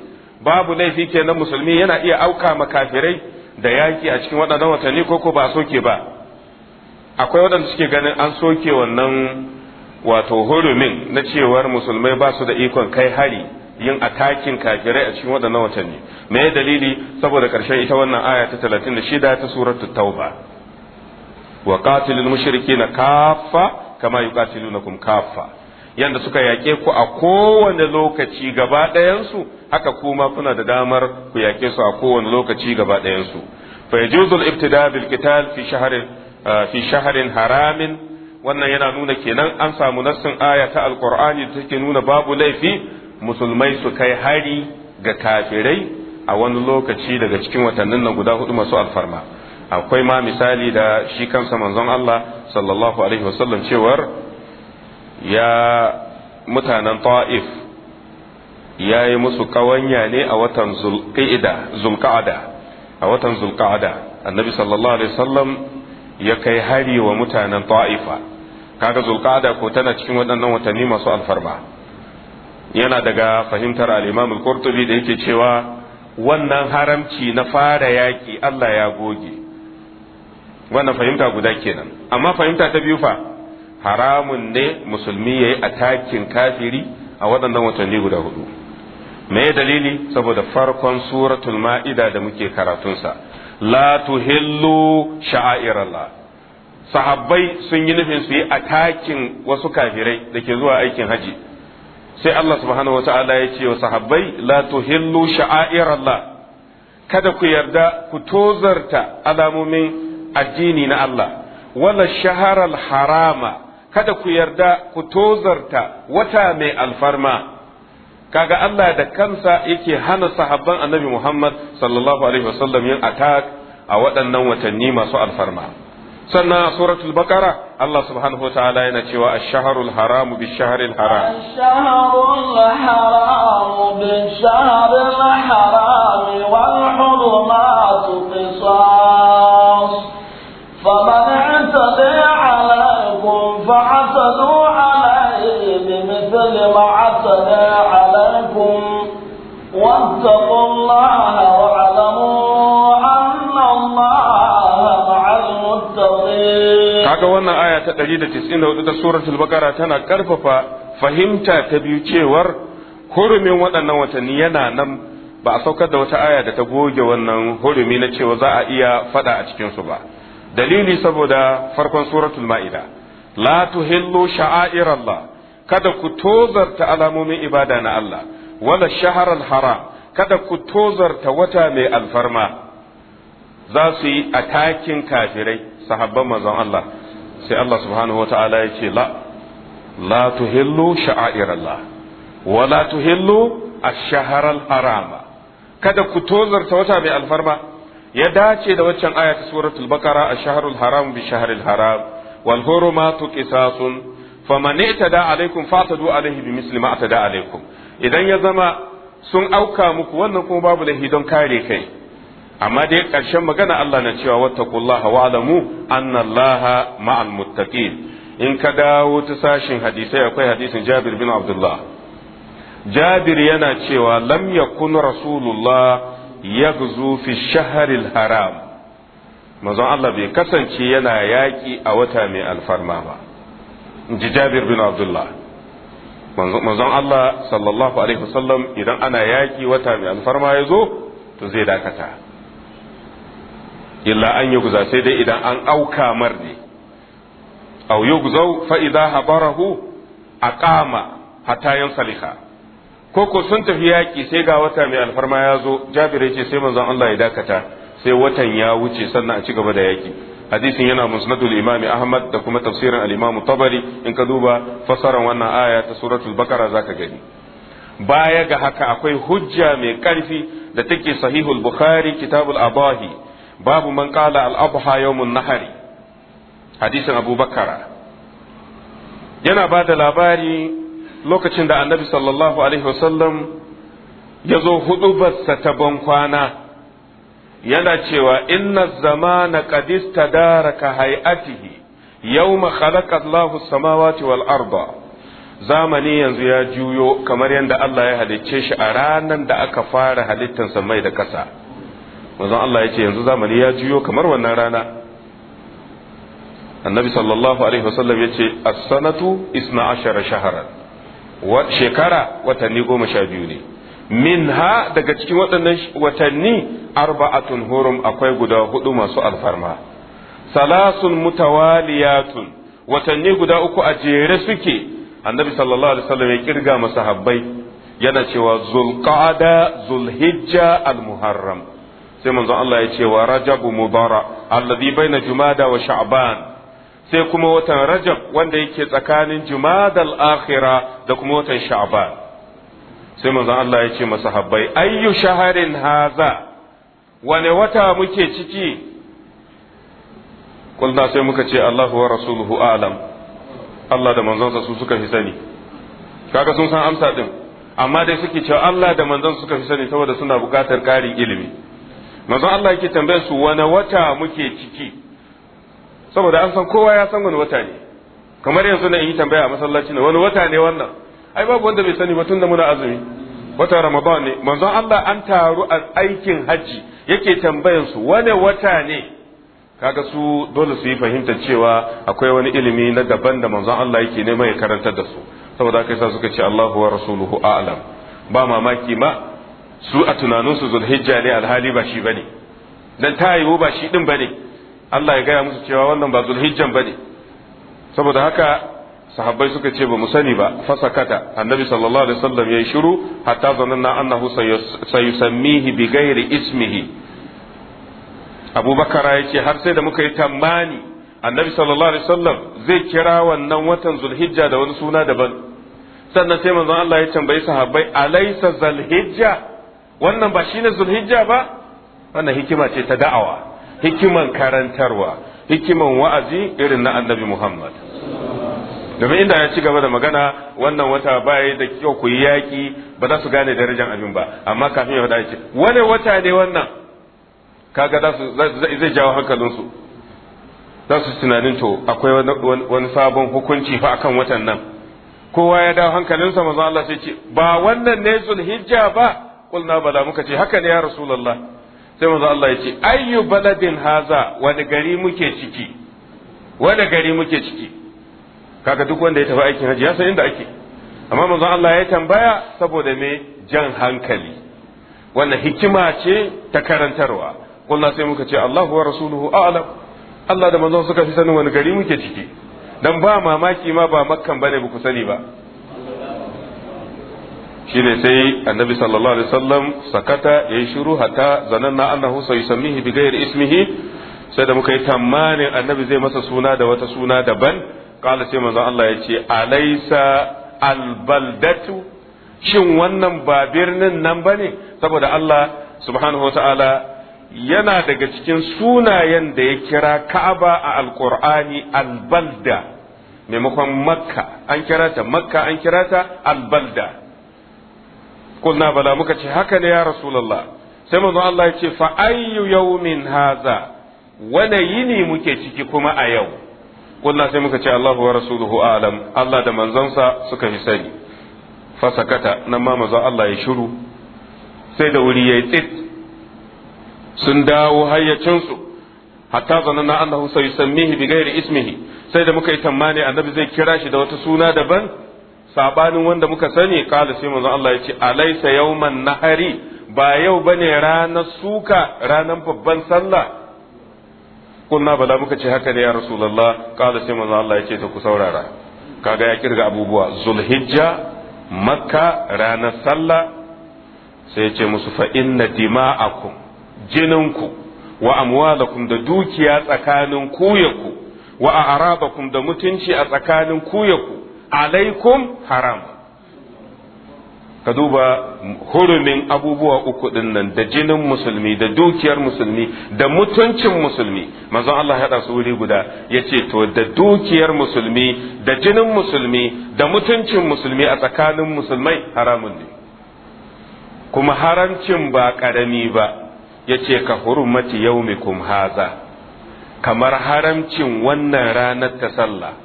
babu laifi ke na musulmi yana iya auka makafirai da yaki a cikin waɗannan watanni ko ko ba soke ba akwai waɗanda suke ganin an soke wannan wato hurumin na cewar musulmai ba su da ikon kai hari yin atakin kafirai a cikin waɗannan watanni me dalili saboda karshen ita wannan aya ta talatin da shida ta suratul tauba wa qatilul mushrikeena kaffa kama yuqatilunakum kaffa yanda suka yaƙe ku a kowane lokaci gaba ɗayansu haka kuma kuna da damar ku yaƙe su a kowane lokaci gaba ɗayansu fa yajuzu ibtida bil qital fi shahrin ah, fi shahrin haramin wannan yana nuna kenan an samu nassin aya ta alqur'ani da take nuna babu laifi musulmai su kai hari ga kafirai a wani lokaci daga cikin watannin nan guda hudu masu alfarma akwai ma misali da shi kansa manzon Allah sallallahu alaihi wasallam cewar ya mutanen ta'if ya yi musu kawanya ne a watan zulqa'ada a watan zulqa'ada annabi sallallahu alaihi wasallam ya kai hari wa mutanen ta'ifa kaga zulqa'ada ko tana cikin waɗannan watanni masu alfarma yana daga fahimtar al-imam al-qurtubi da yake cewa wannan haramci na fara yaki Allah ya goge wannan fahimta guda kenan amma fahimta ta biyu fa haramun ne musulmi yayi atakin kafiri a waɗannan watanni guda hudu me dalili saboda farkon suratul ma'ida da muke karatunsa la tuhillu sha'airallah sahabbai sun yi nufin su yi atakin wasu kafirai da ke zuwa aikin haji sai Allah subhanahu wata'ala ya ce wa sahabbai la tuhillu sha'airallah kada ku yarda ku tozarta alamomin addini na Allah wala shaharal harama kada ku yarda ku tozarta wata mai alfarma kaga Allah da kansa yake hana sahabban annabi Muhammad sallallahu alaihi wasallam yin attack a waɗannan watanni masu alfarma sannan a suratul baqara Allah subhanahu wa ta'ala yana cewa a shahrul haramu bish-shahril haram haka wannan aya ta 194 ta suratul baqara tana karfafa fahimta ta biyu cewar hurumin waɗannan watanni yana nan ba a saukar da wata aya da ta goge wannan hurumi na cewa za a iya faɗa a cikin su ba dalili saboda farkon suratul ma'ida la tuhillu sha'airallah kada ku tozarta alamomin ibada na Allah wala shaharar haram kada ku tozarta wata mai alfarma za su yi takin kafirai sahabban manzon Allah sai Allah subhanahu wa ta'ala ya ce la la tuhillu sha'airallah wa la tuhillu a shaharar al-harama kada ku tozarta wata mai alfarma ya dace da waccan aya ta suratul bakara a shahr al-haram bi shahr haram wal hurumatu qisasun faman itada alaikum fatadu alaihi bi misli ma atada alaikum idan ya zama sun auka muku wannan kuma babu lahi don kare kai amma dai ƙarshen magana Allah na cewa wattaqullaha wa'lamu annallaha ma'al muttaqin in ka dawo ta sashin hadisai akwai hadisin Jabir bin Abdullah Jabir yana cewa lam yakun rasulullah yaghzu fi shahril haram manzon Allah bai kasance yana yaƙi a wata mai alfarma ba ji Jabir bin Abdullah manzon Allah sallallahu alaihi wasallam idan ana yaƙi wata mai alfarma ya zo to zai dakata illa an yi guza sai dai idan an auka mar ne au yi guzau fa'iza habarahu a kama hatayen saliha ko ko sun tafi yaƙi sai ga wata mai alfarma ya zo jabir ce sai manzon Allah ya dakata sai watan ya wuce sannan a ci gaba da yaƙi hadisin yana musnadul imami ahmad da kuma tafsirin al-imam tabari in ka duba fasaran wannan aya ta suratul bakara zaka gani baya ga haka akwai hujja mai ƙarfi da take sahihul bukhari kitabul abahi babu man qala al-adha yawmun nahari hadisin abubakar yana ba da labari lokacin da annabi sallallahu alaihi wasallam ya zo hudubarsa ta bankwana yana cewa inna zamana qad istadaraka hay'atihi yawma khalaqa Allahu samawati wal arda zamani yanzu ya juyo kamar yadda Allah ya halicce shi a ranar da aka fara halittar mai da ƙasa manzon Allah ya ce yanzu zamani ya juyo kamar wannan rana annabi sallallahu alaihi wasallam ya ce as-sanatu isna ashara shaharan shekara watanni goma sha biyu ne minha daga cikin waɗannan watanni arba'atun hurum akwai guda hudu masu alfarma salasun mutawaliyatun watanni guda uku a jere suke annabi sallallahu alaihi wasallam ya kirga masahabbai yana cewa zulqa'ada zulhijja al-muharram sai manzon Allah ya ce wa rajabu mubara alladhi baina jumada wa sha'ban sai kuma watan rajab wanda yake tsakanin jumadal akhira da kuma watan sha'ban sai manzon Allah ya ce masahabbai ayyu shaharin haza wane wata muke ciki kulna sai muka ce Allahu wa rasuluhu alam Allah da manzon sa su suka fi sani kaga sun san amsa din amma dai suke cewa Allah da manzon suka fi sani saboda suna bukatar ƙarin ilimi manzo Allah yake tambayar su wani wata muke ciki saboda an san kowa ya san wani wata ne kamar yanzu na yi tambaya a masallaci ne wani wata ne wannan ai babu wanda bai sani ba tunda muna azumi wata ramadan ne manzo Allah an taru a aikin haji yake tambayan su wani wata ne kaga su dole su yi fahimtar cewa akwai wani ilimi na daban da manzo Allah yake neman ya karantar da su saboda haka yasa suka ce Allahu wa rasuluhu a'lam ba mamaki ma su a tunaninsu zulhija ne alhali ba shi bane dan ta yiwu ba shi din bane Allah ya gaya musu cewa wannan ba zulhijjan bane saboda haka sahabbai suka ce ba mu sani ba fasakata annabi sallallahu alaihi wasallam yayi shiru hatta zananna annahu sayusammihi bi ghairi ismihi abubakar ya ce har sai da muka yi tamani annabi sallallahu alaihi wasallam zai kira wannan watan zulhijja da wani suna daban sannan sai manzon Allah ya tambayi sahabbai alaysa zulhijja wannan ba shine zulhijja ba wannan hikima ce ta da'awa hikiman karantarwa hikiman wa'azi irin na annabi muhammad domin inda ya ci gaba da magana wannan wata baya da kyau ku yi yaƙi ba za su gane darajar abin ba amma kafin ya faɗa ce wani wata ne wannan kaga za su zai jawo hankalinsu za su tunanin to akwai wani sabon hukunci fa akan watan nan kowa ya dawo hankalinsa manzo Allah sai ce ba wannan ne zulhijja ba qulna bala muka ce haka ne ya rasulullah sai manzo Allah ya ce ayyu baladin haza wani gari muke ciki wani gari muke ciki kaga duk wanda ya tafi aikin haji ya san inda ake amma manzo Allah ya tambaya saboda me jan hankali wannan hikima ce ta karantarwa kullum sai muka ce Allahu wa rasuluhu a'lam Allah da manzon suka fi sanin wani gari muke ciki dan ba mamaki ma ba makkan bane ba ku sani ba shine sai annabi sallallahu alaihi wasallam sakata yayi shiru hatta zananna annahu sayusammihi bi ghairi ismihi sai da muka yi tamanin annabi zai masa suna da wata suna daban kala sai manzon Allah ya ce alaisa albaldatu shin wannan ba birnin nan bane saboda Allah subhanahu wataala yana daga cikin sunayen da ya kira Ka'aba a Alƙur'ani albalda maimakon Makka an kira ta Makka an kira ta albalda kulna bala muka ce haka ne ya rasulullah sai manzo Allah ya ce fa ayyu yawmin haza wane yini muke ciki kuma a yau kulna sai muka ce Allahu wa rasuluhu alam Allah da manzonsa suka fi sani Fasakata sakata nan Allah ya shiru sai da wuri yayi tsit sun dawo hayyacinsu hatta zanana annahu sayusammihi bighairi ismihi sai da muka yi tamani annabi zai kira shi da wata suna daban sabanin wanda muka sani kala sai manzon Allah ya ce alaysa yawman nahari ba yau bane ranar suka ranar babban sallah kunna bala muka ce haka ne ya rasulullah kala sai manzon Allah ya ce ta ku saurara kaga ya kirga abubuwa zulhijja makka ranar sallah sai ya ce musu fa inna dima'akum jininku wa amwalakum da dukiya tsakanin kuyaku wa a'rabakum da mutunci a tsakanin kuyaku alaikum haram ka duba hurumin abubuwa uku din nan da jinin musulmi da dukiyar musulmi da mutuncin musulmi manzon Allah ya suri su wuri guda ya ce to da dukiyar musulmi da jinin musulmi da mutuncin musulmi a tsakanin musulmai haramun ne kuma haramcin ba ƙarami ba ya ce ka hurumati yaumikum haza kamar haramcin wannan ranar ta sallah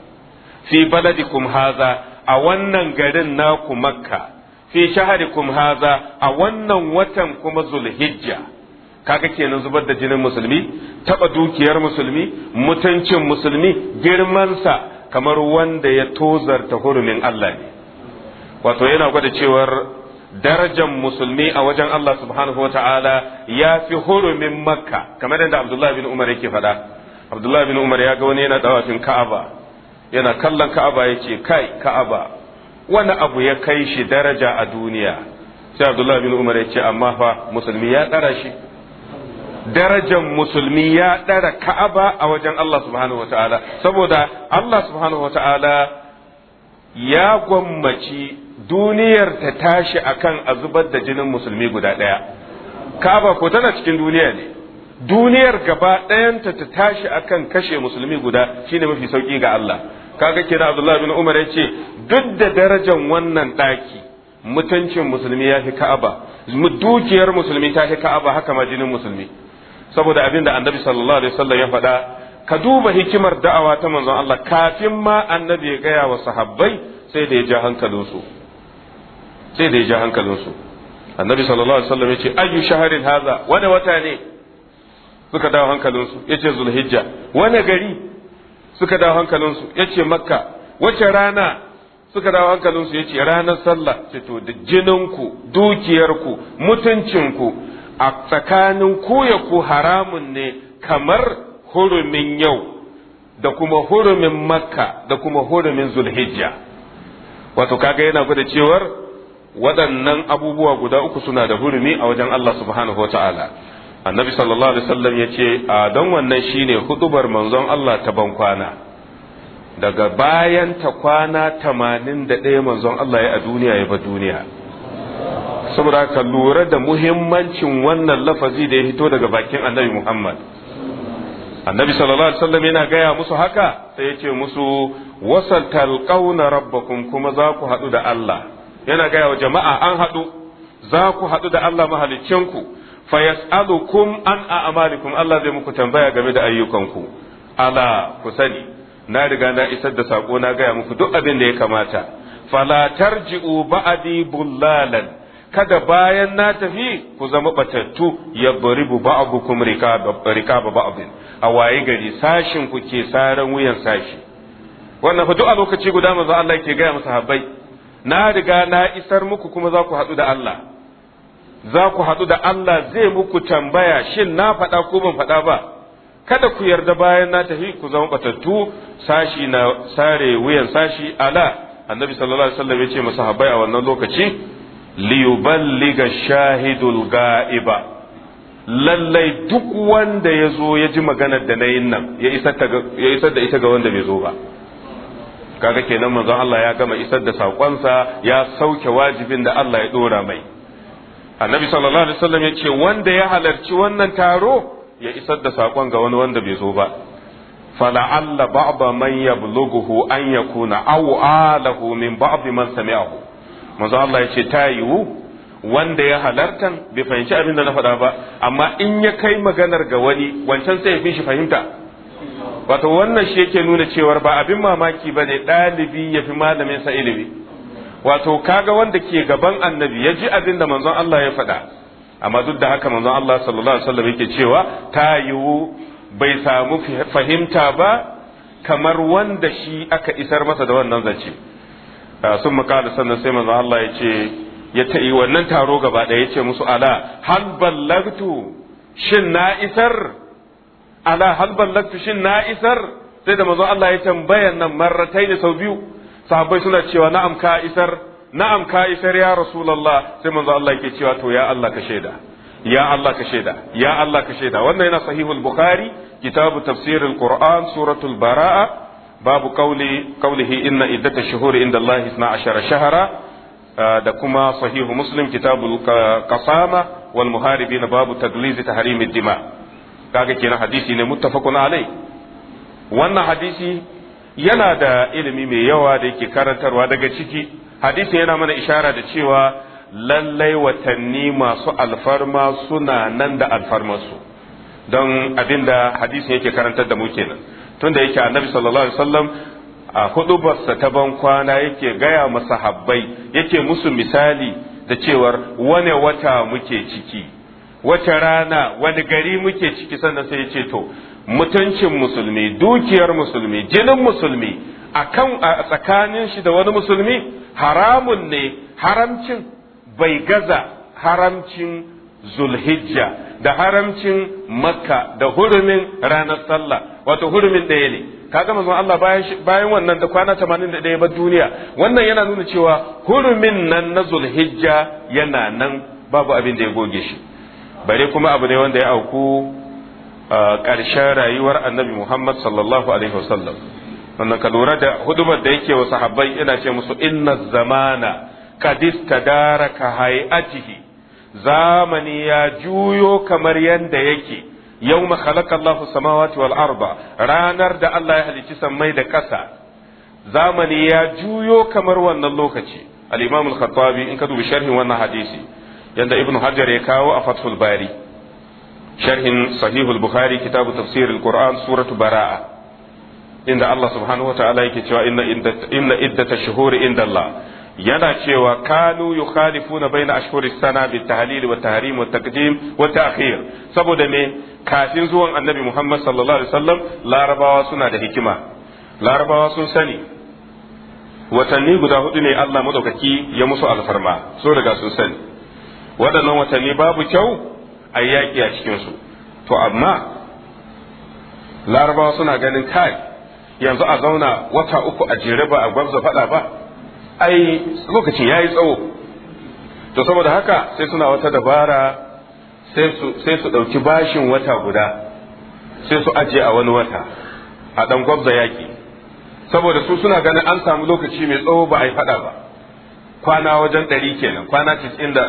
fi baladikum haza a wannan garin naku makka fi shaharikum haza a wannan watan kuma zulhijja kaga kenan zubar da jinin musulmi taba dukiyar musulmi mutuncin musulmi girmansa kamar wanda ya tozarta hurumin Allah ne wato yana gwada cewar darajar musulmi a wajen Allah subhanahu wa ta'ala ya fi hurumin makka kamar yadda Abdullahi bin Umar yake faɗa Abdullahi bin Umar ya ga wani yana dawafin Ka'aba yana kallon ka'aba ya ce kai ka'aba wani abu ya kai shi daraja a duniya sai abdullahi bin umar ya ce amma fa musulmi ya dara shi darajan musulmi ya ɗara ka'aba a wajen Allah subhanahu wata'ala saboda Allah subhanahu wata'ala ya gwammaci duniyar ta tashi akan a zubar da jinin musulmi guda ɗaya ka'aba ko tana cikin duniya ne duniyar gaba ɗayanta ta tashi akan kashe musulmi guda shine mafi sauki ga Allah kaga ke kira Abdullahi bin Umar yace duk da darajar wannan ɗaki mutuncin musulmi ya fi Ka'aba dukiyar musulmi ta fi Ka'aba haka ma jinin musulmi saboda abin da Annabi sallallahu alaihi wasallam ya faɗa ka duba hikimar da'awa ta manzon Allah kafin ma Annabi ya gaya wa sahabbai sai da ya ja hankalinsu sai da ya ja hankalinsu Annabi sallallahu alaihi wasallam ya ce ayyu shaharin haza wani wata ne suka dawo hankalinsu yace zulhijja wani gari suka dawo hankalinsu yace makka wace rana suka dawo hankalinsu yace ranar sallah ce to da jininku dukiyarku mutuncinku a tsakanin ku ya ku haramun ne kamar hurumin yau da kuma hurumin makka da kuma hurumin zulhijja wato kaga yana gwada cewar waɗannan abubuwa guda uku suna da hurumi a wajen Allah subhanahu wa ta'ala annabi sallallahu alaihi wasallam ya ce a don wannan shine hudubar manzon Allah ta ban kwana daga bayan ta kwana tamanin da ɗaya manzon Allah ya a duniya ya ba duniya saboda ka lura da muhimmancin wannan lafazi da ya hito daga bakin annabi Muhammad annabi sallallahu alaihi wasallam yana gaya musu haka sai yace ce musu wasal talqauna rabbakum kuma za ku haɗu da Allah yana gaya wa jama'a an haɗu za ku haɗu da Allah ku. fa yas'alukum an a'malikum Allah zai muku tambaya game da ayyukanku ala ku sani na riga na isar da sako na gaya muku duk abin da ya kamata fala tarji'u ba'di bullalan kada bayan na tafi ku zama batattu ya baribu ba'abukum rikaba ba'abin a waye gari sashin ku ke saran wuyan sashi wannan fa duk a lokaci guda manzo Allah ke gaya masa habbai na riga na isar muku kuma za ku haɗu da Allah za ku haɗu da Allah zai muku tambaya shin na faɗa ko ban faɗa ba kada ku yarda bayan na tafi ku zama batattu sashi na sare wuyan sashi ala annabi sallallahu alaihi wasallam ya ce masa habai a wannan lokaci yuballiga shahidul ga'iba lallai duk wanda ya zo ya ji maganar da na yin nan ya isar da ita ga wanda bai zo ba kaga kenan manzon Allah ya gama isar da saƙonsa ya sauke wajibin da Allah ya ɗora mai annabi sallallahu alaihi wasallam ya ce wanda ya halarci wannan taro ya isar da saƙon ga wani wanda bai zo ba fala'alla ba'da man yablughu an yakuna aw alahu min ba'd man sami'ahu manzo Allah ya ce ta yiwu wanda ya halartan bai fahimci abin da na faɗa ba amma in ya kai maganar ga wani wancan sai ya fi shi fahimta wato wannan shi yake nuna cewar ba abin mamaki bane ɗalibi ya fi malamin sa ilimi wato kaga wanda ke gaban annabi ya ji abin da manzon Allah ya faɗa amma duk da haka manzon Allah sallallahu alaihi wasallam yake cewa ta yiwu bai samu fahimta ba kamar wanda shi aka isar masa da wannan zance ah, sun makala sannan sai manzon Allah ya ce ya ta'i wannan taro gaba ɗaya ya ce musu ala hal ballagtu shin na isar ala hal ballagtu shin na isar sai da manzon Allah ya tambayan nan maratai da sau biyu sahabbai suna cewa na'am ka isar na'am ka isar ya rasulullah sai manzo Allah yake cewa to ya Allah ka shaida ya Allah ka shaida ya Allah ka shaida wannan yana sahihul bukhari kitabu tafsirul qur'an suratul baraa babu qawli qawlihi inna iddata shuhuri inda Allah 12 shahara ah, da kuma sahihu muslim kitabul qasama wal muharibin babu taglizi tahrimid dima kaga kenan hadisi ne muttafaqun alai wannan hadisi yana da ilimi mai yawa da yake karantarwa daga ciki hadisin yana mana ishara da cewa lallai watanni masu alfarma suna nan da alfarmarsu don abin abinda hadisin yake karantar da mu kenan tunda yake annabi sallallahu alaihi wasallam a hudubarsa ta ban kwana yake gaya masahabbai yake musu misali da cewar wane wata muke ciki wata rana wani gari muke ciki sannan sai ya ce to mutuncin musulmi dukiyar musulmi jinin musulmi akan a tsakanin shi da wani musulmi haramun ne haramcin bai gaza haramcin zulhijja da haramcin makka da hurumin ranar sallah wato hurumin ɗaya ne ka gama zuwa Allah bayan wannan da kwana 81 ba duniya wannan yana nuna cewa hurumin nan na zulhijja yana nan babu abin da ya goge shi bare kuma abu ne wanda ya auku ƙarshen rayuwar annabi muhammad sallallahu alaihi wasallam wannan ka lura da hudumar da yake wa sahabbai ina ce musu inna zamana kadis tadaraka hayatihi zamani ya juyo kamar yadda yake Yau ma Allahu samawati wal arba ranar da Allah ya halicci sammai da ƙasa zamani ya juyo kamar wannan lokaci al-imam al-khattabi in ka dubi sharhin wannan hadisi yanda ibnu hajar ya kawo a fathul bari sharhin sahihul bukhari kitabu tafsirul qur'an suratu bara'a inda Allah subhanahu wataala yake cewa inna inna iddata shuhuri inda Allah yana cewa kanu yukhalifuna baina ashhuri sana bit tahlil wa tahrim wa taqdim wa ta'khir saboda me kafin zuwan annabi Muhammad sallallahu alaihi wasallam larabawa suna da hikima larabawa sun sani watanni guda hudu ne Allah madaukaki ya musu alfarma so daga sun sani waɗannan watanni babu kyau a yaƙi a cikinsu to amma larabawa suna ganin kai yanzu a zauna wata uku a jere ba a gwabza faɗa ba ai lokacin ya yi tsawo to saboda haka sai suna wata dabara sai su ɗauki bashin wata guda sai su ajiye a wani wata a ɗan gwabza yaƙi saboda su suna ganin an samu lokaci mai tsawo ba a yi faɗa ba kwana wajen ɗari kenan kwana tis'in da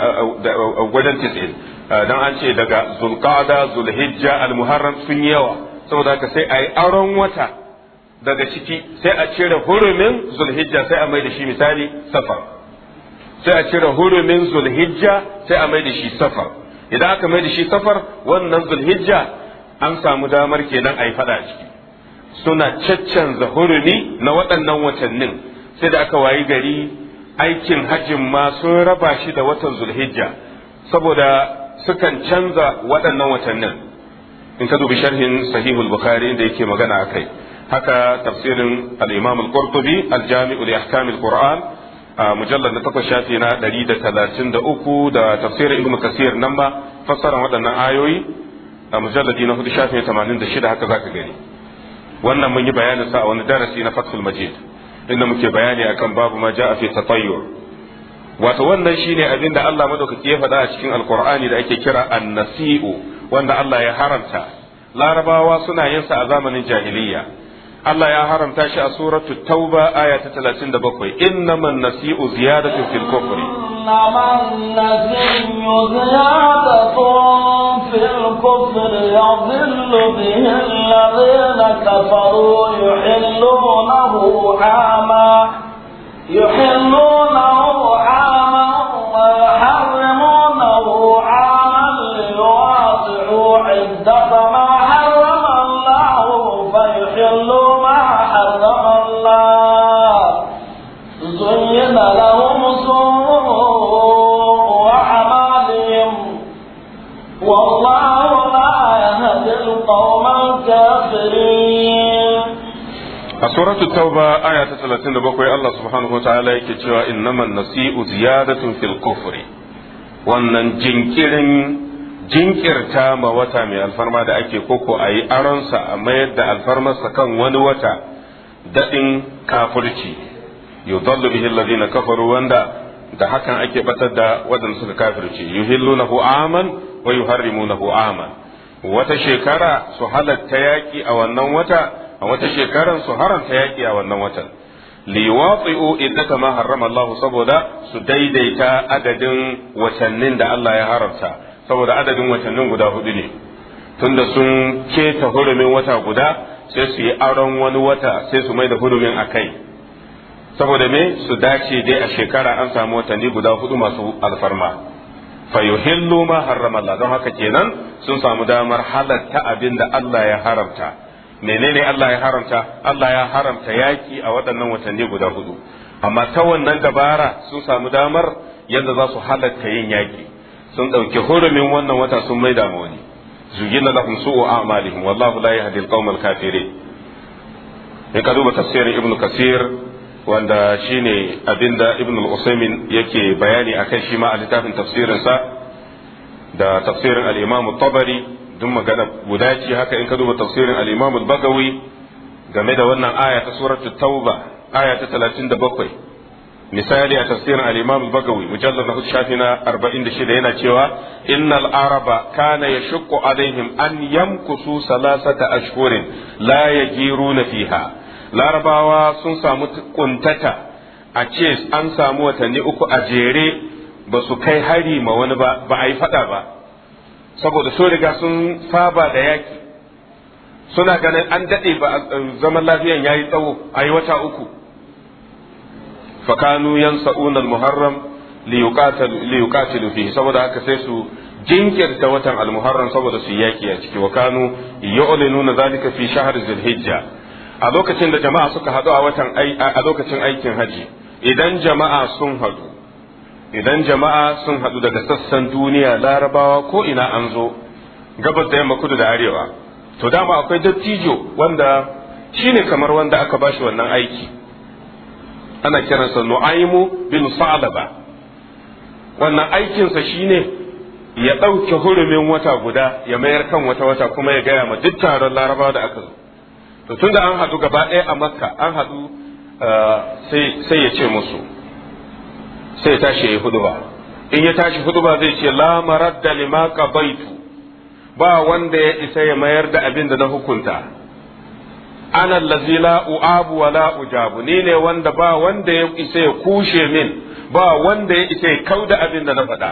wajen tis'in don an ce daga zulqada zulhijja almuharram sun yawa saboda haka sai a yi aron wata daga ciki sai a cire hurumin zulhijja sai a mai da shi misali safar sai a cire hurumin zulhijja sai a mai da shi safar idan aka mai da shi safar wannan zulhijja an samu damar kenan a yi fada a ciki suna caccanza hurumi na waɗannan watannin sai da aka wayi gari aikin hajjin ma sun raba shi da watan zulhijja saboda sukan canza waɗannan watannin in ka dubi sharhin sahihul bukhari da yake magana a kai haka tafsirin al-imam al-qurtubi al-jami'u li ahkam al-qur'an na takwas shafi na ɗari da tafsirin ilmu kasir nan ma fassara waɗannan ayoyi a mujalladi na hudu shafi shida haka zaka gani wannan mun yi bayanin sa a wani darasi na fathul majid inda muke bayani akan babu ma ja'a fi tatayyur wato wannan shine abin da Allah madaukaki ya faɗa a cikin alqur'ani da ake kira annasi'u wanda Allah ya haramta larabawa suna yin sa a zamanin jahiliyya الله يا حرم تاشي سورة التوبة آية 30 37 إنما النسيء زيادة في الكفر إنما النسيء زيادة في الكفر يضل به الذين كفروا يحلونه عاما يحلونه عاما suratu tauba aya ta 37 Allah subhanahu wa ta'ala yake cewa innaman nasi'u ziyadatun fil wannan jinkirin jinkirta ma wata mai alfarma da ake koko a yi aronsa a mayar da alfarmarsa kan wani wata daɗin kafurci yudallu bihi alladhina kafaru wanda da hakan ake batar da wadanda suka kafirci yuhillunahu aman wa yuharrimunahu aman wata shekara su halatta yaƙi a wannan wata a wata shekaran su haramta yaki a wannan watan liwatsi'u iddata ma harrama Allah saboda su daidaita adadin watannin da Allah ya haramta saboda adadin watannin guda hudu ne tunda sun keta hurumin wata guda sai su yi aron wani wata sai su mai da hurumin a kai saboda me su dace dai a shekara an samu watanni guda hudu masu alfarma fa yuhillu ma harrama Allah don haka kenan sun samu damar halatta abin da Allah ya haramta menene Allah ya haramta Allah ya haramta yaki a waɗannan watanni guda hudu amma ta wannan dabara sun samu damar yadda za su halatta yin yaki sun ɗauki hurumin wannan wata sun mai ma wani zugina lahum su'u a'malihim wallahu la yahdi al-qawm kafirin in ka duba tafsirin ibnu kasir wanda shine abinda ibnu al-usaymin yake bayani akan shi ma a littafin tafsirinsa da tafsirin al-imam tabari duk magana guda ce haka in ka duba tafsirin al-Imam al game da wannan aya ta suratul Tauba aya ta 37 misali a tafsirin al-Imam al-Bagawi mujallad na shafi na 46 yana cewa innal araba kana yashqu alaihim an yamkusu salasata ashhurin la yajiruna fiha larabawa sun samu kuntata a ce an samu watanni uku a jere ba su kai hari ma wani ba ba a yi fada ba saboda sun riga sun saba da yaki suna ganin an daɗe ba eh, zaman lafiyan yayi tsawo a yi wata uku fakanu yan sa'unan muharram liyuqatilu fihi saboda haka sai su jinkirta watan almuharram saboda su yaki a ciki wa kanu yu'linuna zalika fi shahr zulhijja a lokacin da jama'a suka haɗu a watan a lokacin aikin haji idan jama'a sun haɗu idan jama'a sun haɗu daga sassan duniya larabawa ko ina an zo gabas da yamma kudu da arewa to dama akwai dattijo wanda shine kamar wanda aka bashi wannan aiki ana kiransa nu'aimu bin salaba wannan aikinsa shine ya ɗauke hurumin wata guda ya mayar kan wata wata kuma ya gaya ma duk taron larabawa da aka zo to tunda an haɗu gaba ɗaya a makka an haɗu eh, sai ya ce musu sai tashi ya yayi huduba in ya tashi huduba zai ce la maradda lima baitu ba wanda ya isa ya mayar da abin da na hukunta ana allazi la uabu wa ujabu ni ne wanda ba wanda ya isa ya kushe min ba wanda ya isa ya kauda abin da na faɗa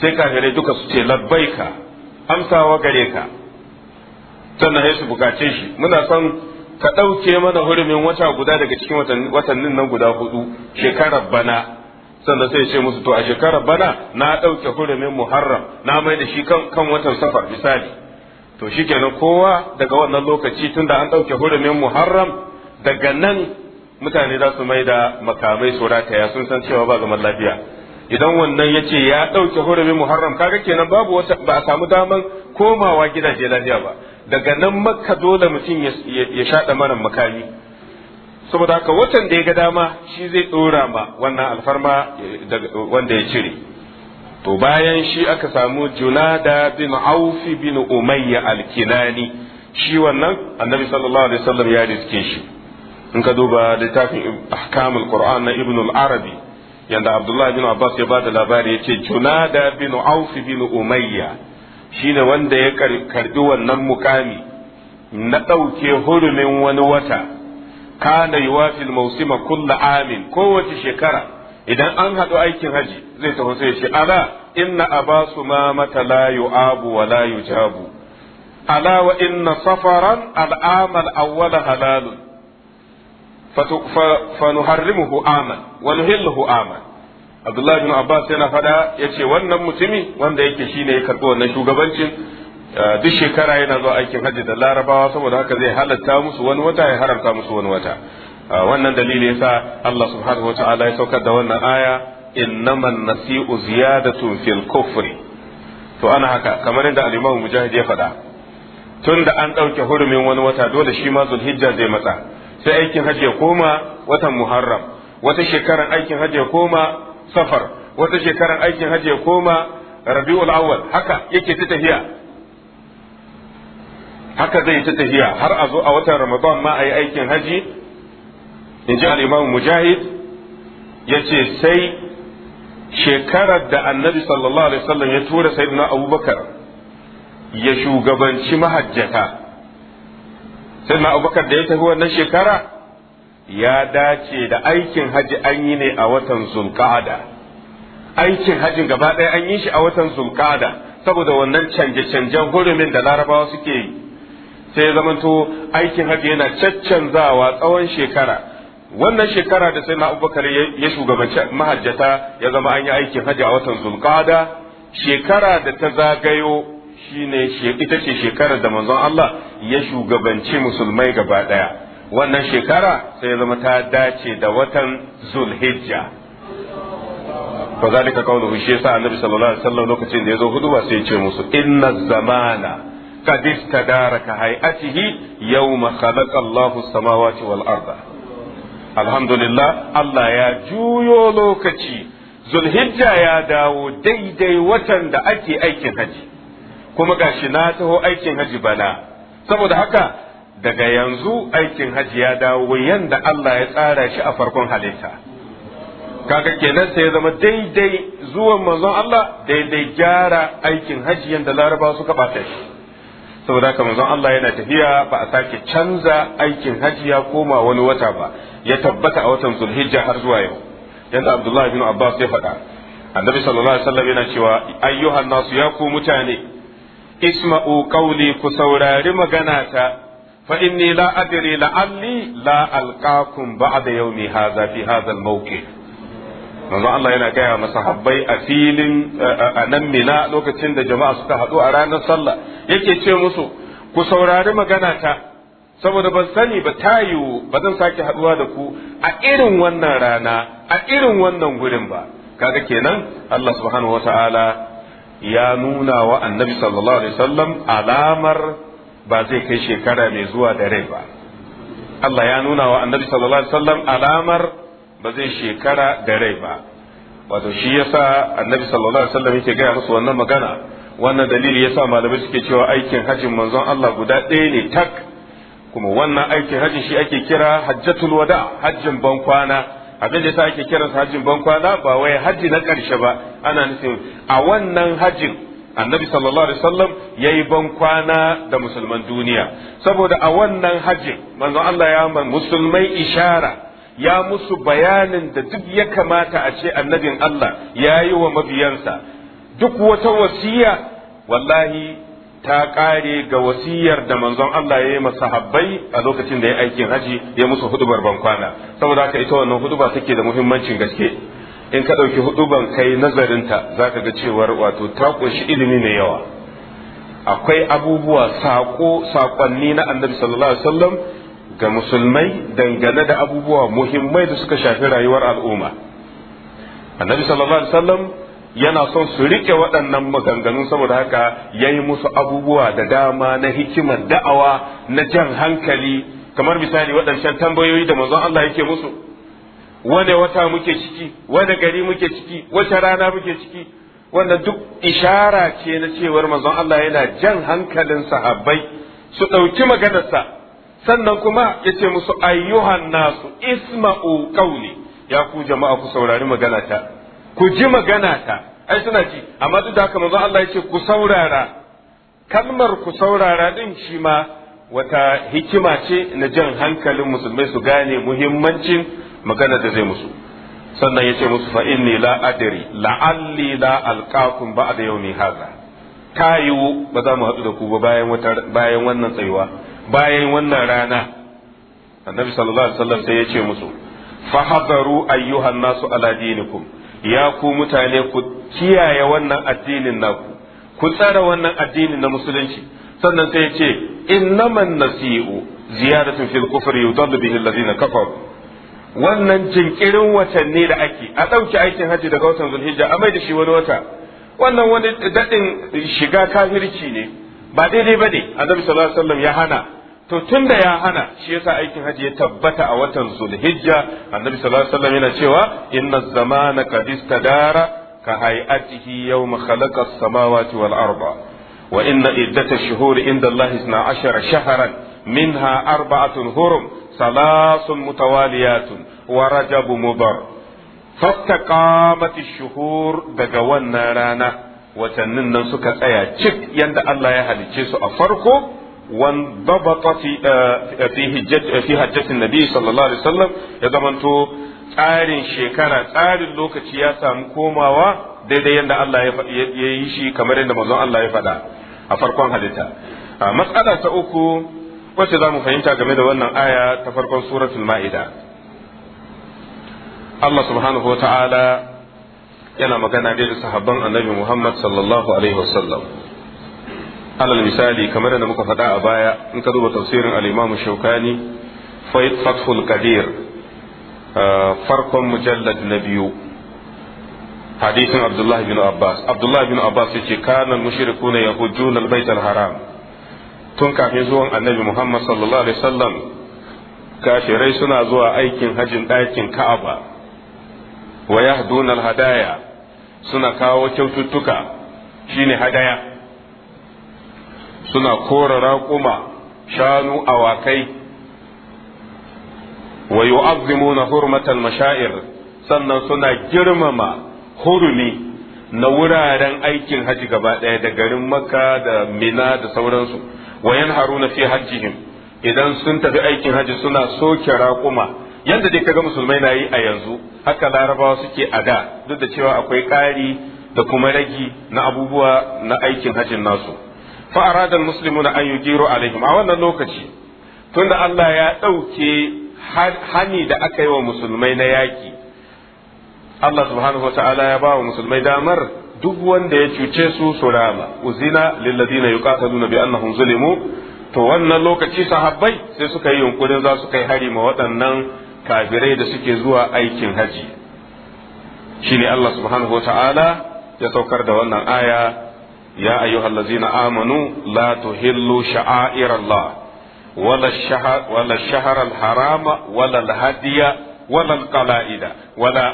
sai kafirai duka su ce labbaika amsawa gare ka sannan sai su bukace shi muna son ka ɗauke mana hurumin wata guda daga cikin watannin nan guda hudu shekarar bana sannan sai ce musu to a shekarar bana na ɗauke hurumin muharram na mai da shi kan watan safar misali to kenan kowa daga wannan lokaci tun da an ɗauke hurumin muharram daga nan mutane za su mai da makamai su ya sun san cewa ba zaman lafiya idan wannan ya ce ya ɗauke hurumin muharram kaga kenan babu wata ba a samu daman komawa gidaje lafiya ba daga nan makka dole mutum ya shaɗa mana makami saboda haka watan da ya ga dama shi zai ɗora ma wannan alfarma wanda ya cire to bayan shi aka samu junada bin aufi bin umayya alkinani shi wannan annabi sallallahu alaihi wasallam ya riske shi in ka duba littafin ahkamul qur'an na ibn al-arabi yanda abdullahi bin abbas ya bada labari ce junada bin aufi bin umayya shine wanda ya karbi wannan mukami na ɗauke hurumin wani wata kana wafil mausima kulla amin kowace shekara idan an haɗu aikin haji zai taho sai shi ala inna abasu ma mata la yu'abu wa la yujabu ala wa inna safaran al'amal awwala halalun fa nuharrimuhu aman wa nuhilluhu aman abdullahi bin abbas yana faɗa ya ce wannan mutumi wanda yake shine ya karɓi wannan shugabancin uh, duk shekara yana zuwa aikin hajji da larabawa saboda haka zai halatta musu wani wata ya haramta musu wani wata uh, wannan ya yasa Allah subhanahu wataala ya saukar da wannan aya innaman nasi'u ziyadatun fil kufri to ana haka kamar yadda al-Imam Mujahid ya faɗa tunda an ɗauke hurumin wani wata dole shi ma Zulhijja zai matsa sai aikin hajji ya koma watan Muharram wata shekarar aikin hajji ya koma safar wata shekarar aikin hajji ya koma rabi'ul awwal haka yake ta tafiya haka zai ta tafiya har a zo a watan ramadan ma a yi aikin haji in ji al'imamu mujahid ya ce sai shekarar da annabi sallallahu alaihi wasallam ya tura sayyidina abubakar ya shugabanci mahajjata sayyidina abubakar da ya tafi wannan shekara ya dace da aikin haji an yi ne a watan zulqa'ada aikin hajin gaba ɗaya an yi shi a watan zulqa'ada saboda wannan canje-canjen hurumin da larabawa suke yi sai zamanto aikin haji yana caccanzawa tsawon shekara wannan shekara da sai na abubakar ya shugabanci mahajjata ya zama an yi aikin haji a watan zulqa'ada shekara da ta zagayo shine ita ce shekarar da manzon Allah ya shugabanci musulmai gaba ɗaya wannan shekara sai ya zama ta dace da watan zulhijja fa zalika qawluhu shi yasa annabi sallallahu alaihi wasallam lokacin da yazo huduba sai ya ce musu inna zamana qad istadara ka hay'atihi yawma khalaqa Allahu samawati wal arda alhamdulillah Allah ya juyo lokaci zulhijja ya dawo daidai watan da ake aikin haji kuma gashi na taho aikin haji bana saboda haka daga yanzu aikin hajji ya dawo yanda Allah ya tsara shi a farkon halitta kaga kenan sai ya zama daidai zuwan manzon Allah daidai gyara aikin hajji yanda laraba suka bata shi saboda haka manzon Allah yana tafiya ba a sake canza aikin hajji ya koma wani wata ba ya tabbata a watan zulhijja har zuwa yau yanda abdullah bin Abbas ya faɗa annabi sallallahu alaihi wasallam yana cewa ayyuhan nasu ya ku mutane isma'u qawli ku saurari magana ta. fa inni la adri ba'a da yau mai yawmi hadha fi hadha manzo Allah yana gaya masahabbai a filin a nan mina lokacin da jama'a suka haɗu a ranar sallah yake ce musu ku saurari magana ta saboda ban sani ba ta yiwu ba zan sake haɗuwa da ku a irin wannan rana a irin wannan gurin ba kaga kenan Allah subhanahu ta'ala ya nuna wa annabi sallallahu alaihi wasallam alamar ba zai kai shekara mai zuwa da rai ba Allah ya nuna wa annabi sallallahu alaihi wasallam alamar ba zai shekara da rai ba wato shi yasa annabi sallallahu alaihi wasallam yake gaya musu wannan magana wannan dalili yasa malamai suke cewa aikin hajjin manzon Allah guda ɗaya ne tak kuma wannan aikin hajjin shi ake kira hajjatul wada hajjin ban kwana abin da yasa ake kiransa hajjin ban kwana ba wai hajji na ƙarshe ba ana nufin a wannan hajjin annabi sallallahu alaihi wasallam yayi ban kwana da musulman duniya saboda a wannan hajjin manzo Allah ya man musulmai ishara ya musu bayanin da duk ya kamata a ce annabin Allah ya yi wa mabiyansa duk wata wasiya wallahi ta kare ga wasiyar da manzon Allah ya yi masahabbai a lokacin da ya aikin haji ya musu hudubar ban kwana saboda haka ita wannan huduba take da muhimmancin gaske in ka ɗauki ban kai nazarinta za ka ga cewar wato ta ƙunshi ilimi mai yawa akwai abubuwa saƙo saƙonni na annabi sallallahu alaihi wasallam ga musulmai dangane da abubuwa muhimmai da suka shafi rayuwar al'umma annabi sallallahu alaihi wasallam yana son su rike waɗannan maganganu saboda haka ya yi musu abubuwa da dama na hikimar da'awa na jan hankali kamar misali waɗancan tambayoyi da manzon Allah yake musu wane wata muke ciki wane gari muke ciki wace rana muke ciki wannan duk ishara ce na cewar manzon Allah yana jan hankalin sahabbai su ɗauki maganarsa sannan kuma yace musu ayyuhan nasu isma'u ƙaule ya ku jama'a ku saurari maganata ku ji maganata ai suna ji amma duk da haka Allah ya ku saurara kalmar ku saurara din shi ma wata hikima ce na jan hankalin musulmai su gane muhimmancin magana da zai musu sannan yace musu fa inni la adri la'alli la alqakum ba'da yawmi hadha kayu ba za mu haɗu da ku ba bayan wata bayan wannan tsayuwa bayan wannan rana annabi sallallahu alaihi wasallam sai yace musu hadaru ayyuhan nasu ala dinikum ya ku mutane ku kiyaye wannan addinin naku ku tsara wannan addinin na musulunci sannan sai yace innaman nasi'u fil kufri yudallu bihi alladhina kafaru wannan jinkirin watanni da ake a ɗauki aikin hajji daga watan zulhijja a mai da shi wani wata wannan wani daɗin shiga kafirci ne ba daidai ba ne annabi sallallahu alaihi wasallam ya hana to tun ya hana shi yasa aikin hajji ya tabbata a watan zulhijja annabi sallallahu alaihi wasallam yana cewa inna zamana qad istadara ka hay'atihi yawma khalaqa as-samawati wal arda wa inna iddatash shuhuri inda allahi 12 shahran minha arba'atun hurum salasun mutawaliyatun wa rajabu mubar fastaqamat shuhur daga wannan rana watannin nan suka tsaya cik yadda Allah ya halicce su a farko wan dabata fi eh, fi hijjat nabi sallallahu alaihi wasallam ya zamanto tsarin shekara tsarin lokaci ya samu komawa daidai yadda Allah ya yi shi kamar yadda manzon Allah ya faɗa a farkon halitta ah, matsala ta uku wacce za mu fahimta game da wannan aya ta farkon suratul ma'ida Allah subhanahu wa ta'ala yana magana da sahabban annabi Muhammad sallallahu alaihi wasallam alal misali kamar da muka faɗa a baya in ka duba tafsirin al-Imam Shawkani Fathul Qadir uh, farkon mujallad na biyu Hadithin Abdullah bin Abbas Abdullah bin Abbas yace kana mushrikuna yahujjuna al-bait al-haram tun kafin zuwan annabi Muhammad sallallahu alaihi wasallam kashirai suna zuwa aikin hajin ɗakin Ka'aba wa yahduna hadaya suna kawo kyaututtuka shine hadaya suna kora raƙuma shanu awakai wa na hurmatal mashair sannan suna girmama hurumi na wuraren aikin haji gaba ɗaya da garin makka da mina da sauransu wa yanharuna fi hajjihim idan sun tafi aikin hajji suna soke raƙuma yadda dai kaga musulmai na yi a yanzu haka larabawa suke a da duk da cewa akwai ƙari da kuma ragi na abubuwa na aikin hajjin nasu fa arada na an yujiru alaihim a wannan lokaci tunda Allah ya ɗauke hani da aka yi wa musulmai na yaki Allah subhanahu wa ta'ala ya ba wa musulmai damar duk wanda ya cuce su su rama uzina lilladina yuqataluna bi annahum zulimu to wannan lokaci sahabbai sai suka yi yunkurin za su kai hari ma waɗannan kafirai da suke zuwa aikin haji shine Allah subhanahu wata'ala ya saukar da wannan aya ya ayyuhallazina amanu la tuhillu sha'airallah wala shahar wala al-harama wala al-hadiya ولا القلائد ولا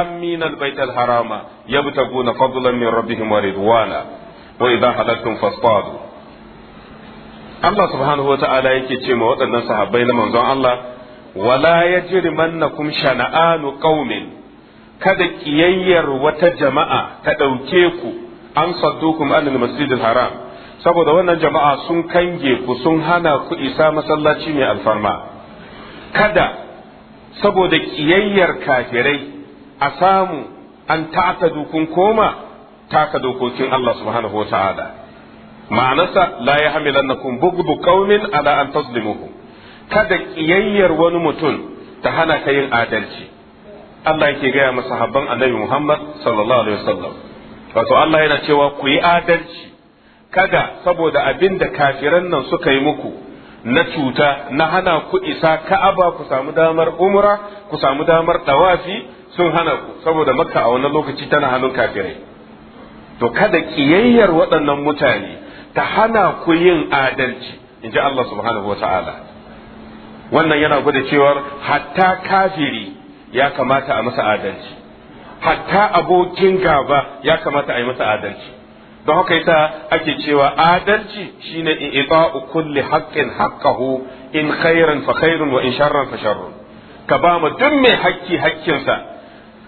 آمين البيت الحرام يبتغون فضلا من ربهم ورضوانا وإذا حللتم فاصطادوا الله سبحانه وتعالى yake ce ma waɗannan sahabbai na manzon Allah wala ya yajrimannakum shana'anu qaumin kada kiyayyar wata jama'a ta ɗauke ku an saddukum anil masjidil haram saboda wannan jama'a sun kange ku sun hana ku isa masallaci mai alfarma kada saboda ƙiyayyar kafirai a samu an taka dukun koma taka dokokin Allah subhanahu wa ta'ala ma'anarsa la ya hamilannakum bugdu qaumin ala an tazlimuhu kada ƙiyayyar wani mutum ta hana ka yin adalci Allah yake gaya masa habban annabi Muhammad sallallahu alaihi wasallam wato Allah yana cewa ku yi adalci kada saboda abinda kafiran nan suka yi muku na cuta na hana ku isa ka'aba ku samu damar umra ku samu damar tawafi sun hana ku saboda makka a wannan lokaci tana hannun kafirai to kada kiyayyar waɗannan mutane ta hana ku yin adalci in ji Allah subhanahu wa ta'ala wannan yana gwada cewar hatta kafiri ya kamata a masa adalci hatta abokin gaba ya kamata a yi masa adalci don haka ita ake cewa adalci shine in i'ta'u kulli haqqin haqqahu in khairan fa khairun wa in sharran fa sharrun ka ba mu duk mai hakki hakkinsa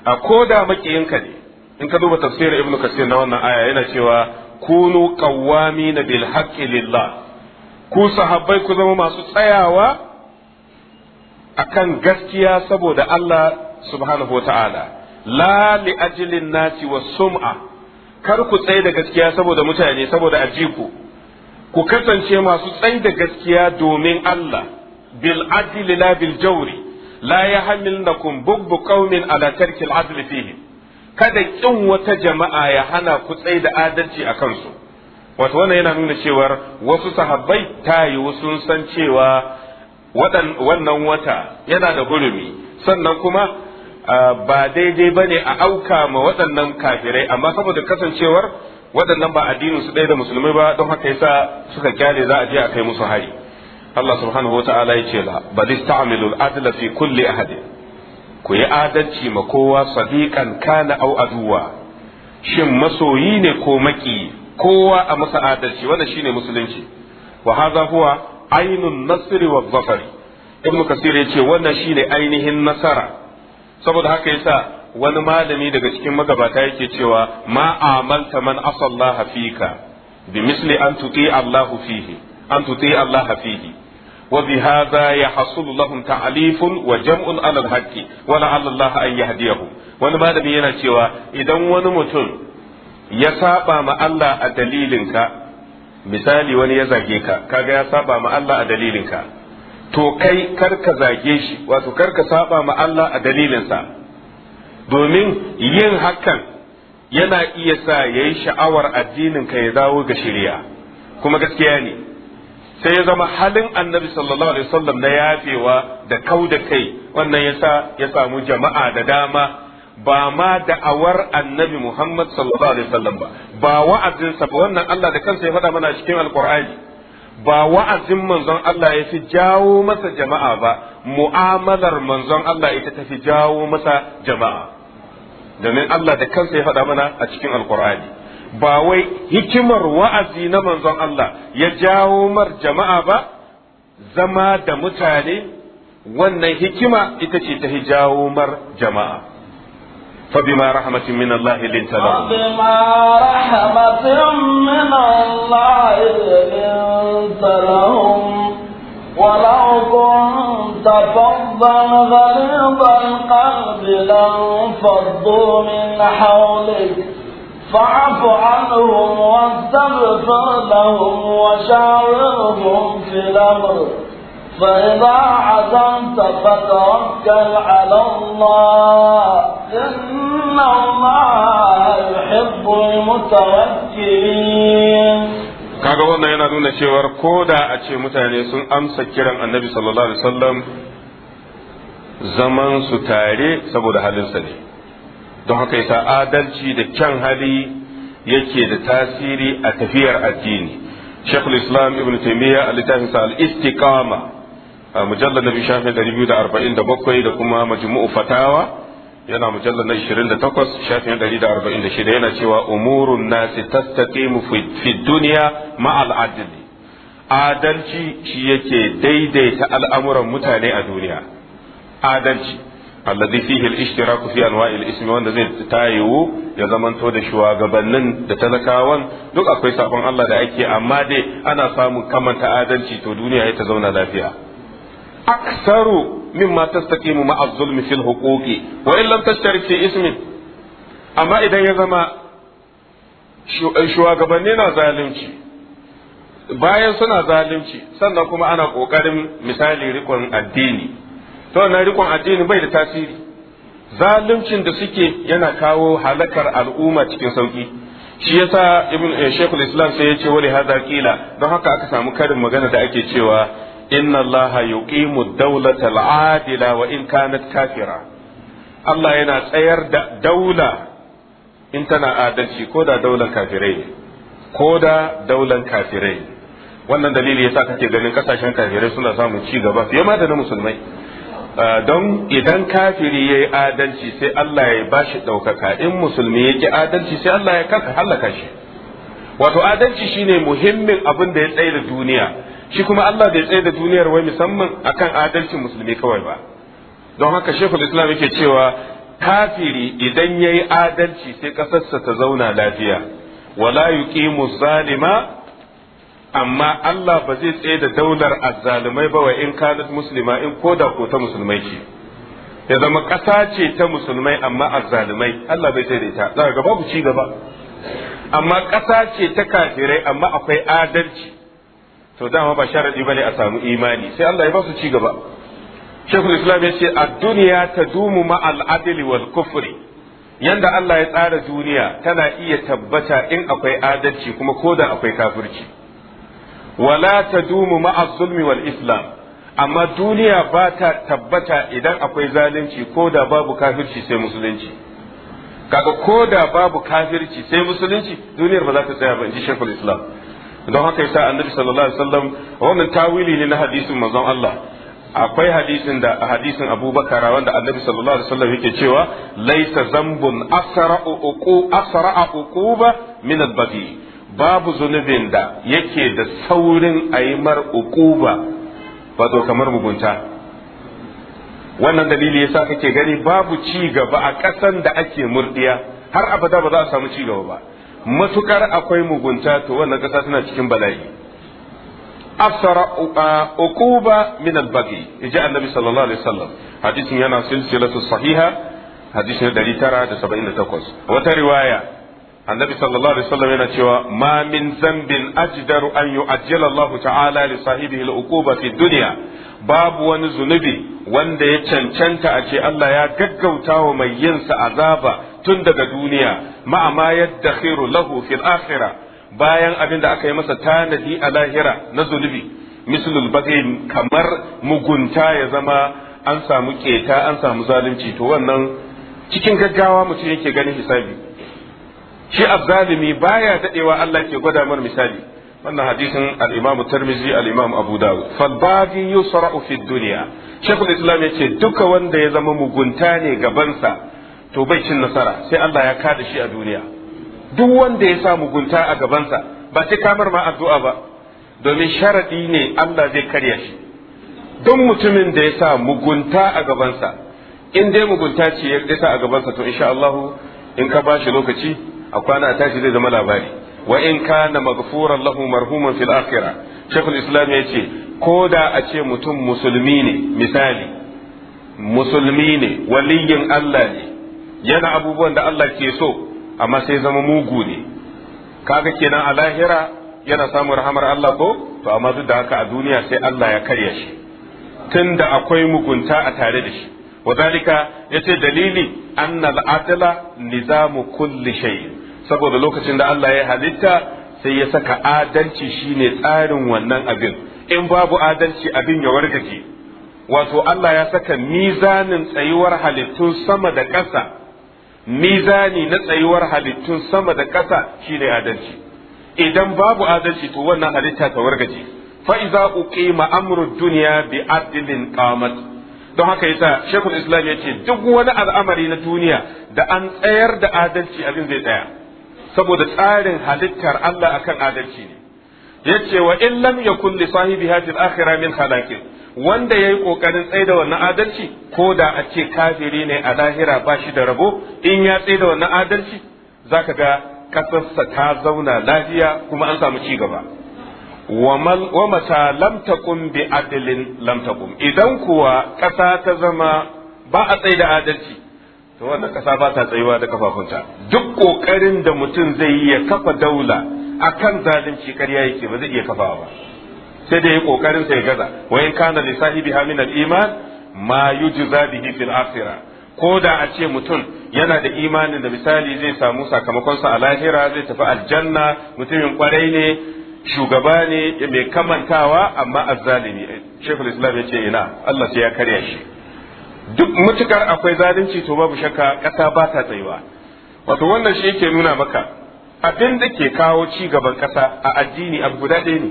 a koda makiyinka ne in ka duba tafsirin ibnu kasir na wannan aya yana cewa kunu qawwamina bil haqqi lillah ku sahabbai ku zama masu tsayawa akan gaskiya saboda Allah subhanahu wa ta'ala la li ajlin nasi sum'a kar ku tsaye da gaskiya saboda mutane saboda ajiku ku kasance masu tsaye da gaskiya domin Allah bil adli la bil jawri la yahmilnakum bubbu qaumin ala tarki al adli fihi kada kin wata jama'a ya hana ku tsaye da adalci a kansu wato wannan yana nuna cewa wasu sahabbai tayi sun san cewa wannan wata yana da gurumi sannan kuma ba daidai ba ne a auka ma waɗannan kafirai amma saboda kasancewar waɗannan ba addinin su ɗaya da musulmai ba don haka yasa suka kyale za a je a kai musu hari Allah subhanahu wa ta'ala ya ce la bal ista'milu al fi kulli ahad ku yi adalci ma kowa sadiqan kana aw aduwa shin masoyi ne ko maki kowa a masa adalci wannan shine musulunci wa hadha huwa ainun nasri wa dhafar ibn kasir ya ce wannan shine ainihin nasara saboda haka yasa wani malami daga cikin magabata yake cewa ma amalta man asallaha fika bi misli an tuti Allahu fihi an tuti Allah fihi wa bi hadha yahsulu lahum ta'lifun wa jam'un 'ala al-haqqi wa la'alla Allah an yahdiyahu wani malami yana cewa idan wani mutum ya saba ma Allah a dalilinka misali wani ya zage ka kaga ya saba ma Allah a dalilinka to kai kar ka zage shi wato kar ka saba ma Allah a dalilinsa domin yin hakan yana iya sa ya yi sha'awar addinin ka ya dawo ga shirya. kuma gaskiya ne sai ya zama halin annabi sallallahu alaihi wasallam na yafewa da kau da kai wannan yasa ya samu jama'a da dama ba ma da'awar annabi Muhammad sallallahu alaihi wasallam ba ba wa'azinsa ba wannan Allah da kansa ya faɗa mana cikin alqur'ani ba wa'azin manzon Allah ya fi jawo masa jama'a ba mu'amalar manzon Allah ita ta fi jawo masa jama'a domin Allah da kansa ya faɗa mana a cikin alkur'ani ba wai hikimar wa'azi na manzon Allah ya jawo mar jama'a ba zama da mutane wannan hikima ita ce ta jawo mar jama'a فبما رحمة من الله لنت لهم فبما رحمة من الله لنت لهم ولو كنت فظا غليظ القلب لانفضوا من حولك فاعف عنهم واستغفر لهم وشاورهم في الأمر فإذا عزمت فتوكل على الله إن الله يحب المتوكلين kaga wannan yana nuna cewar ko da a ce mutane sun amsa kiran annabi sallallahu alaihi wasallam zaman su tare saboda halinsa ne don haka yasa adalci da kyan hali yake da tasiri a tafiyar addini shekul islam ibn taimiyya a littafinsa al-istiqama mujallar na shafi ɗari biyu da arba'in da bakwai da kuma majmu'u fatawa yana mujallar na ishirin da takwas shafin da arba'in da shida yana cewa umurun nasi tastaqimu fi duniya ma'al adli adalci shi yake daidaita al'amuran mutane a duniya adalci alladhi fihi al-ishtiraku fi anwa'i al-ismi wanda zai tayiwu ya zamanto da shugabannin da talakawan duk akwai sabon Allah da ake amma dai ana samun kamanta adalci to duniya ya ta zauna lafiya aksaru mimma tastaqimu ma'a zulmi fil huquqi wa in tashtarik fi ismin amma idan ya zama shugabanni na zalunci bayan suna zalunci sannan kuma ana kokarin misali rikon addini to wannan rikon addini bai da tasiri zaluncin da suke yana kawo halakar al'umma cikin sauki shi yasa ibn shaykhul islam sai ya ce wali hada kila don haka aka samu karin magana da ake cewa inna allaha yuqimu dawlata al-adila wa in kafira Allah yana tsayar da daula in adalci ko da daular kafirai ko da kafirai wannan dalili yasa kake ganin kasashen kafirai suna samun ci gaba fiye ma da na musulmai ah, don idan kafiri yayi adalci sai Allah ya bashi ɗaukaka in musulmi yake adalci sai Allah ya hallaka shi wato adalci shine muhimmin abin da ya tsaye da duniya shi kuma Allah bai tsaye da duniyar wai musamman akan adalcin musulmi kawai ba don haka shekul islam yake cewa kafiri idan ya yi adalci sai ƙasarsa ta zauna lafiya wala yuqimu zalima amma Allah ba zai tsaye da daular azzalumai ba wa in kanat muslima in koda ko ta musulmai ce ya zama ƙasa ce ta musulmai amma azzalumai Allah bai tsaye da ita za ga babu ci gaba amma ƙasa ce ta kafirai amma akwai adalci to dama ba sharadi bane a samu imani sai Allah ya ba su ci gaba shekul islam ya ce a duniya ta dumu ma'al adili wal kufri yanda Allah ya tsara duniya tana iya tabbata in akwai adalci kuma ko da akwai kafirci wala ta dumu ma'al zulmi wal islam amma duniya ba ta tabbata idan akwai zalunci ko da babu kafirci sai musulunci kaga ko babu kafirci sai musulunci duniyar ba za ta tsaya ba in ji shekul islam don haka yasa annabi sallallahu alaihi wasallam wannan tawili ne na hadisin manzon Allah akwai hadisin da hadisin abubakar wanda annabi sallallahu alaihi wasallam yake cewa laisa zambun asra uqu asra uquba min al-badi babu zunubin da yake da saurin aimar uquba wato kamar mugunta wannan dalili yasa kake gani babu ci gaba a ƙasan da ake murdiya har abada ba za a samu ci gaba ba matukar akwai mugunta to wannan kasa tana cikin bala'i afsara uh, uquba min al-baqi yaji annabi sallallahu alaihi wasallam hadisin yana silsilatu sahiha hadisin 978 wata riwaya annabi sallallahu alaihi wasallam yana cewa ma min zambin ajdaru an yu'ajjala Allah ta'ala li sahibihi al-uquba fi dunya babu wani zunubi wanda ya cancanta a ce Allah ya gaggauta wa mai yinsa azaba tun daga duniya ma'ama yadda khairu lahu fil akhirah bayan abin da aka yi masa tanadi a lahira na zunubi mislul bagin kamar mugunta ya zama an samu keta an samu zalunci to wannan cikin gaggawa mutum yake ganin hisabi shi azzalimi baya dadewa Allah ke gwada mar misali wannan hadisin al-Imam Tirmidhi al-Imam Abu Dawud fal badi yusra'u fi dunya Sheikhul Islam yace duka wanda ya zama mugunta ne gabansa to bai cin nasara sai Allah ya kada shi a duniya duk wanda ya sa mugunta a gabansa ba sai kamar ma addu'a ba domin sharadi ne Allah zai karya shi don mutumin da ya sa mugunta a gabansa in dai mugunta ce ya sa a gabansa to insha Allah in ka bashi lokaci a kwana tashi zai zama labari wa in kana maghfuran lahu marhuman fil akhirah ya ce ko da a ce mutum musulmi ne misali musulmi ne waliyin Allah ne yana abubuwan da Allah ke so amma sai zama mugu ne kaga kenan a lahira yana samun rahamar Allah ko to amma duk da haka a duniya sai Allah ya karya shi tunda akwai mugunta a tare da shi وذلك yace dalili annal adla nizamu kulli shay saboda lokacin da Allah ya halitta sai ya saka adalci shine tsarin wannan abin in babu adalci abin ya warkake wato Allah ya saka mizanin tsayuwar halittun sama da ƙasa mizani na tsayuwar halittun sama da ƙasa shine adalci idan babu adalci to wannan halitta ta wargaje fa iza uqima amru dunya bi adlin qamat don haka yasa shekul islam ya ce duk wani al'amari na duniya da an tsayar da adalci abin zai tsaya saboda tsarin halittar Allah akan adalci ne Ya ce wa in lam yakun li hadhihi al akhirah min khalaqin wanda yayi kokarin tsaida wannan adalci ko da a ce kafiri ne a lahira ba shi da rabo in ya tsaida wannan adalci zaka ga kasarsa ta zauna lafiya kuma an samu ci gaba wa mata lam taqum bi adlin lam taqum idan kuwa kasa ta zama ba a tsaida adalci to wannan kasa ba ta tsayuwa da kafafunta duk kokarin da mutum zai yi ya kafa daula akan zalunci ƙarya yake ba zai iya kafa ba sai da kokarin sai gaza wa in kana li sahibi min al iman ma yujza bihi fil akhirah ko da a ce mutum yana da imanin da misali zai samu sakamakon sa a lahira zai tafi aljanna mutumin kwarai ne shugaba ne mai kamantawa amma azzalimi shekul islam ya ce ina Allah sai ya karya shi duk mutukar akwai zalunci to babu shakka ƙasa ba ta tsayuwa wato wannan shi yake nuna maka abin da ke kawo ci gaban ƙasa a addini abu guda ɗaya ne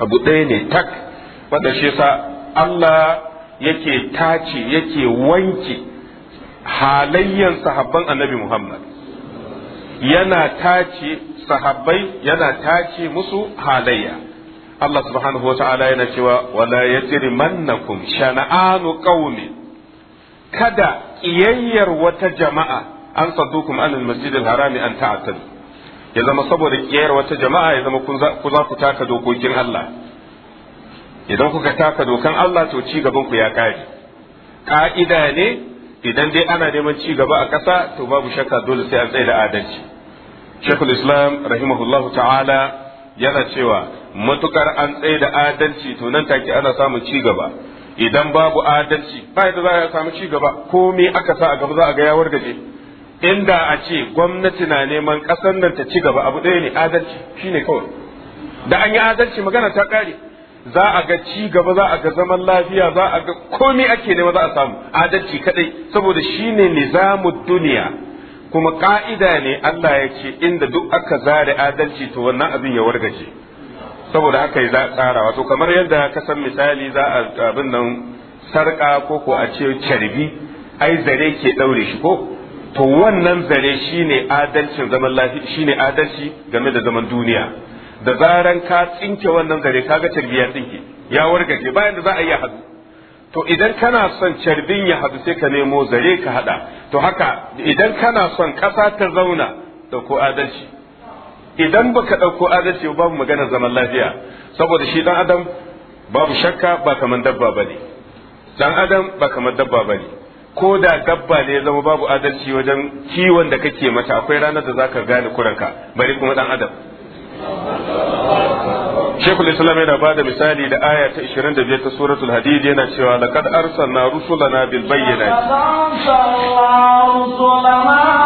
abu ɗaya ne tak wanda shi sa Allah yake tace yake wanke halayyan sahabban annabi Muhammad yana tace sahabbai yana tace musu halayya Allah subhanahu wa ta'ala yana cewa wala yajrimannakum shana'anu qaumin kada kiyayyar wata jama'a an saddukum anil masjidil harami an ta'tadu ya zama saboda kiyayyar wata jama'a ya zama ku za ku taka dokokin Allah idan kuka taka dokan Allah to ci gaban ku ya kare ka'ida ne idan dai ana neman ci gaba a ƙasa to babu shakka dole sai an tsaye da adalci Shekul Islam rahimahullahu ta'ala yana cewa matukar an tsaye da adalci to nan take ana samun ci gaba idan babu adalci ba yadda za a samu ci gaba ko me aka sa a gaba za a ga ya wargaje inda a ce gwamnati na neman kasar nan ta ci gaba abu ɗaya ne adalci shine kawai da an yi adalci magana ta ƙare za a ga ci gaba za a ga zaman lafiya za a ga komai ake nema za a samu adalci kadai saboda shine nizamud duniya kuma ƙa'ida ne Allah ya ce inda duk aka zare adalci to wannan abin ya wargaje saboda haka ya tsara wato kamar yadda ka san misali za a abin nan sarka ko ko a ce carbi ai zare ke ɗaure shi ko to wannan zare shine adalcin zaman lafiya shine adalci game da zaman duniya da zaran ka tsinke wannan zare kaga carbi ya tsinke ya wargaje bayan da za a yi hadu to idan kana son carbin ya hadu sai ka nemo zare ka hada to haka idan kana son kasa ta zauna ɗauko adalci idan baka ɗauko adalci babu magana zaman lafiya saboda shi dan adam babu shakka ba kaman dabba bane dan adam ba kamar dabba bane ko da dabba ne zama babu adalci wajen kiwon da kake mata akwai ranar da zaka gane kuranka bari kuma dan adam shekul islam yana da misali da aya ta 25 ta suratul hadid yana cewa laqad arsalna rusulana bil bayyinati rusulana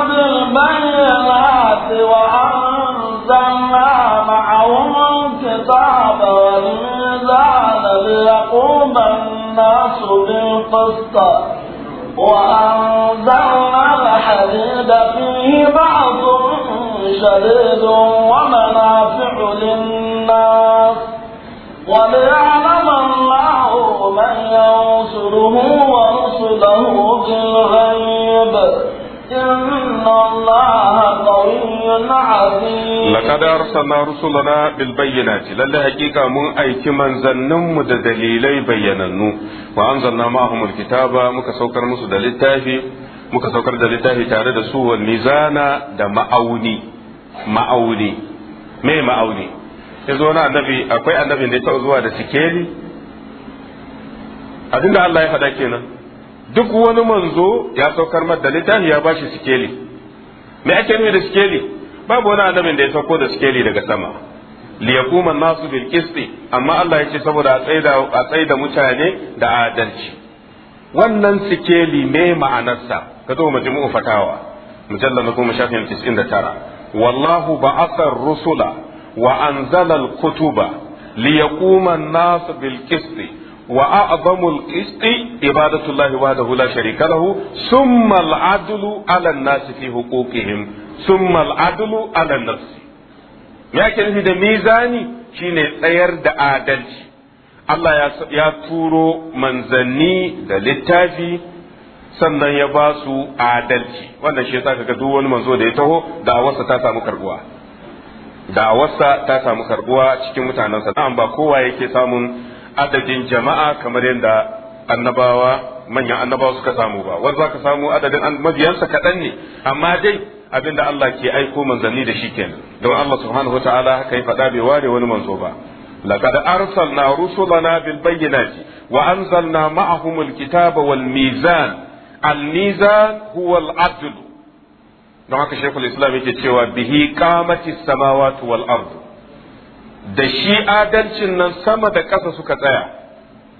bil bayyinati na anzalna ma'ahum kitaba wal الحديد فيه بعض شديد ومنافع للناس وليعلم الله من ينصره ورسله بالغيب إن الله قوي عزيز لقد أرسلنا رسلنا بالبينات لله حقيقة من أي كمن زنم دليلي بيننو وأنزلنا معهم الكتاب مكسوكر مسد للتافي muka saukar da littafi tare da su wal mizana da ma'auni ma'auni me ma'auni ya zo na annabi akwai annabin da ya taɓa zuwa da sikeli da Allah ya faɗa kenan duk wani manzo ya saukar mar da littafi ya bashi sikeli me ake nufi da sikeli babu wani annabin da ya sauko da sikeli daga sama liyakuma nasu bil qisti amma Allah ya ce saboda a tsaida a tsaida mutane da adalci wannan sikeli me ma'anarsa ka zo majmu'u fatawa mujallal na 99 wallahu ba'athar rusula Wa'anzalal kutuba li yaquma an-nas bil qisti wa a'zamu al-qisti ibadatu llahi wahdahu la sharika lahu thumma al-'adlu 'ala an-nas fi nufi da mizani shine tsayar da adalci Allah ya turo manzanni da littafi sannan ya ba su adalci wannan shi yasa kaga duk wani manzo da ya taho da wasa ta samu karbuwa da'awarsa ta samu karbuwa cikin mutanensa na'am ba kowa yake samun adadin jama'a kamar yadda annabawa manyan annabawa suka samu ba wanda zaka samu adadin mabiyansa kaɗan ne amma dai abinda Allah ke aiko manzanni da shi kenan don Allah subhanahu wataala haka yi faɗa bai ware wani manzo ba لقد أرسلنا رسلنا بالبينات وأنزلنا معهم الكتاب mizan الميزان هو العدل don haka shekul islam yake cewa bihi kamati samawati wal ard da shi adalcin nan sama da ƙasa suka tsaya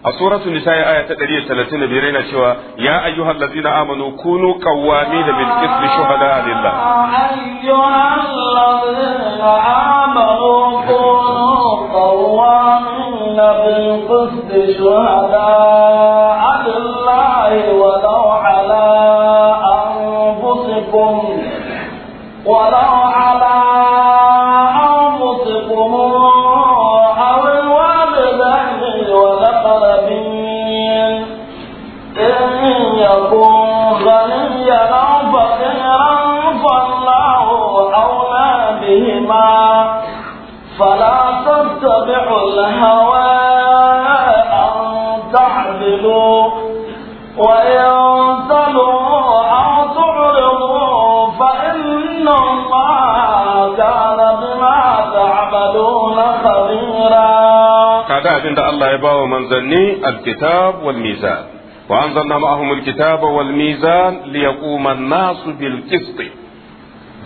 a suratul nisa aya ta 135 yana cewa ya ayyuhal ladina amanu kunu qawami da bil qism shuhada lillah ayyuhal ladina amanu kunu qawami da bil qism shuhada lillahi wa ala 我老阿爸。abin da Allah ya bawa manzanni alkitab wal mizan wa anzalna ma'ahum alkitaba wal mizan liyaquma an-nasu bil qist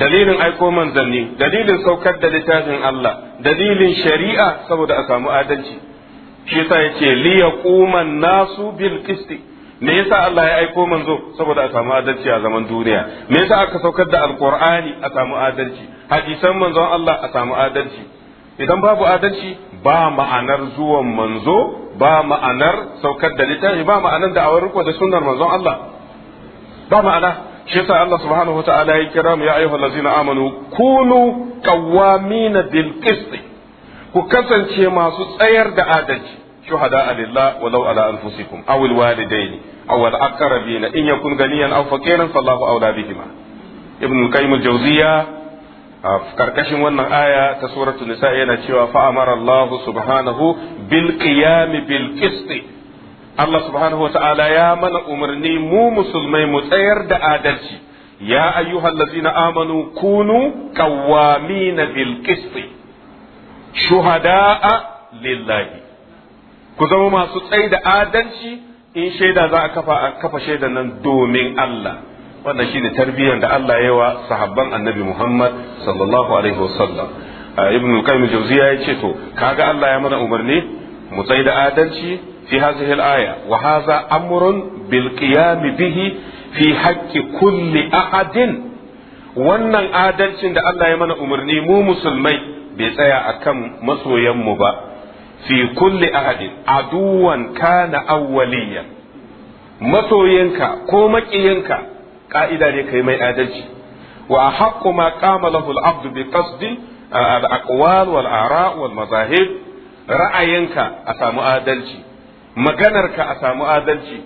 dalilin aiko manzanni dalilin saukar da littafin Allah dalilin shari'a saboda a samu adalci shi yasa yace liyaquma an-nasu bil qist me yasa Allah ya aiko manzo saboda a samu adalci a zaman duniya me yasa aka saukar da alqur'ani a samu adalci hadisan manzon Allah a samu adalci idan babu adalci ba ma'anar zuwan manzo ba ma'anar saukar da littafi ba ma'anar da'awar riko da sunnar manzon Allah ba ma'ana shi yasa Allah subhanahu wa ta'ala ya kira mu ya ayyuhal ladzina amanu kunu qawwamina bil qist ku kasance masu tsayar da adalci shuhada wa walau ala anfusikum aw al walidaini aw al aqrabina in yakun ganiyan aw faqiran fallahu awla bihima ibn qayyim al-jawziyya a karkashin wannan aya ta suratul nisa yana cewa fa amara Allah subhanahu bil qiyam bil qist Allah subhanahu wata'ala ya mana umarni mu musulmai mu tsayar da adalci ya ayyuhallazina amanu kunu na bil qist shuhada'a lillahi ku zama masu tsaida adalci in shaida za a kafa a kafa shaidan nan domin Allah wanda shine tarbiyyar da Allah ya wa sahabban annabi Muhammad sallallahu alaihi wasallam ibn qayyim jawziya ya ce to kaga Allah ya mana umarni mu tsayi da adalci fi hadhihi al-aya wa hadha amrun bil qiyam bihi fi haqqi kulli ahadin wannan adalcin da Allah ya mana umarni mu musulmai bai tsaya akan masoyanmu ba fi kulli ahadin aduwan kana awwaliyan masoyinka ko maƙiyinka ka'ida ne kai mai adalci wa haqqu ma qama lahu al-abdu bi qasdi al-aqwal wal ara' wal mazahib ra'ayinka a samu adalci maganarka a samu adalci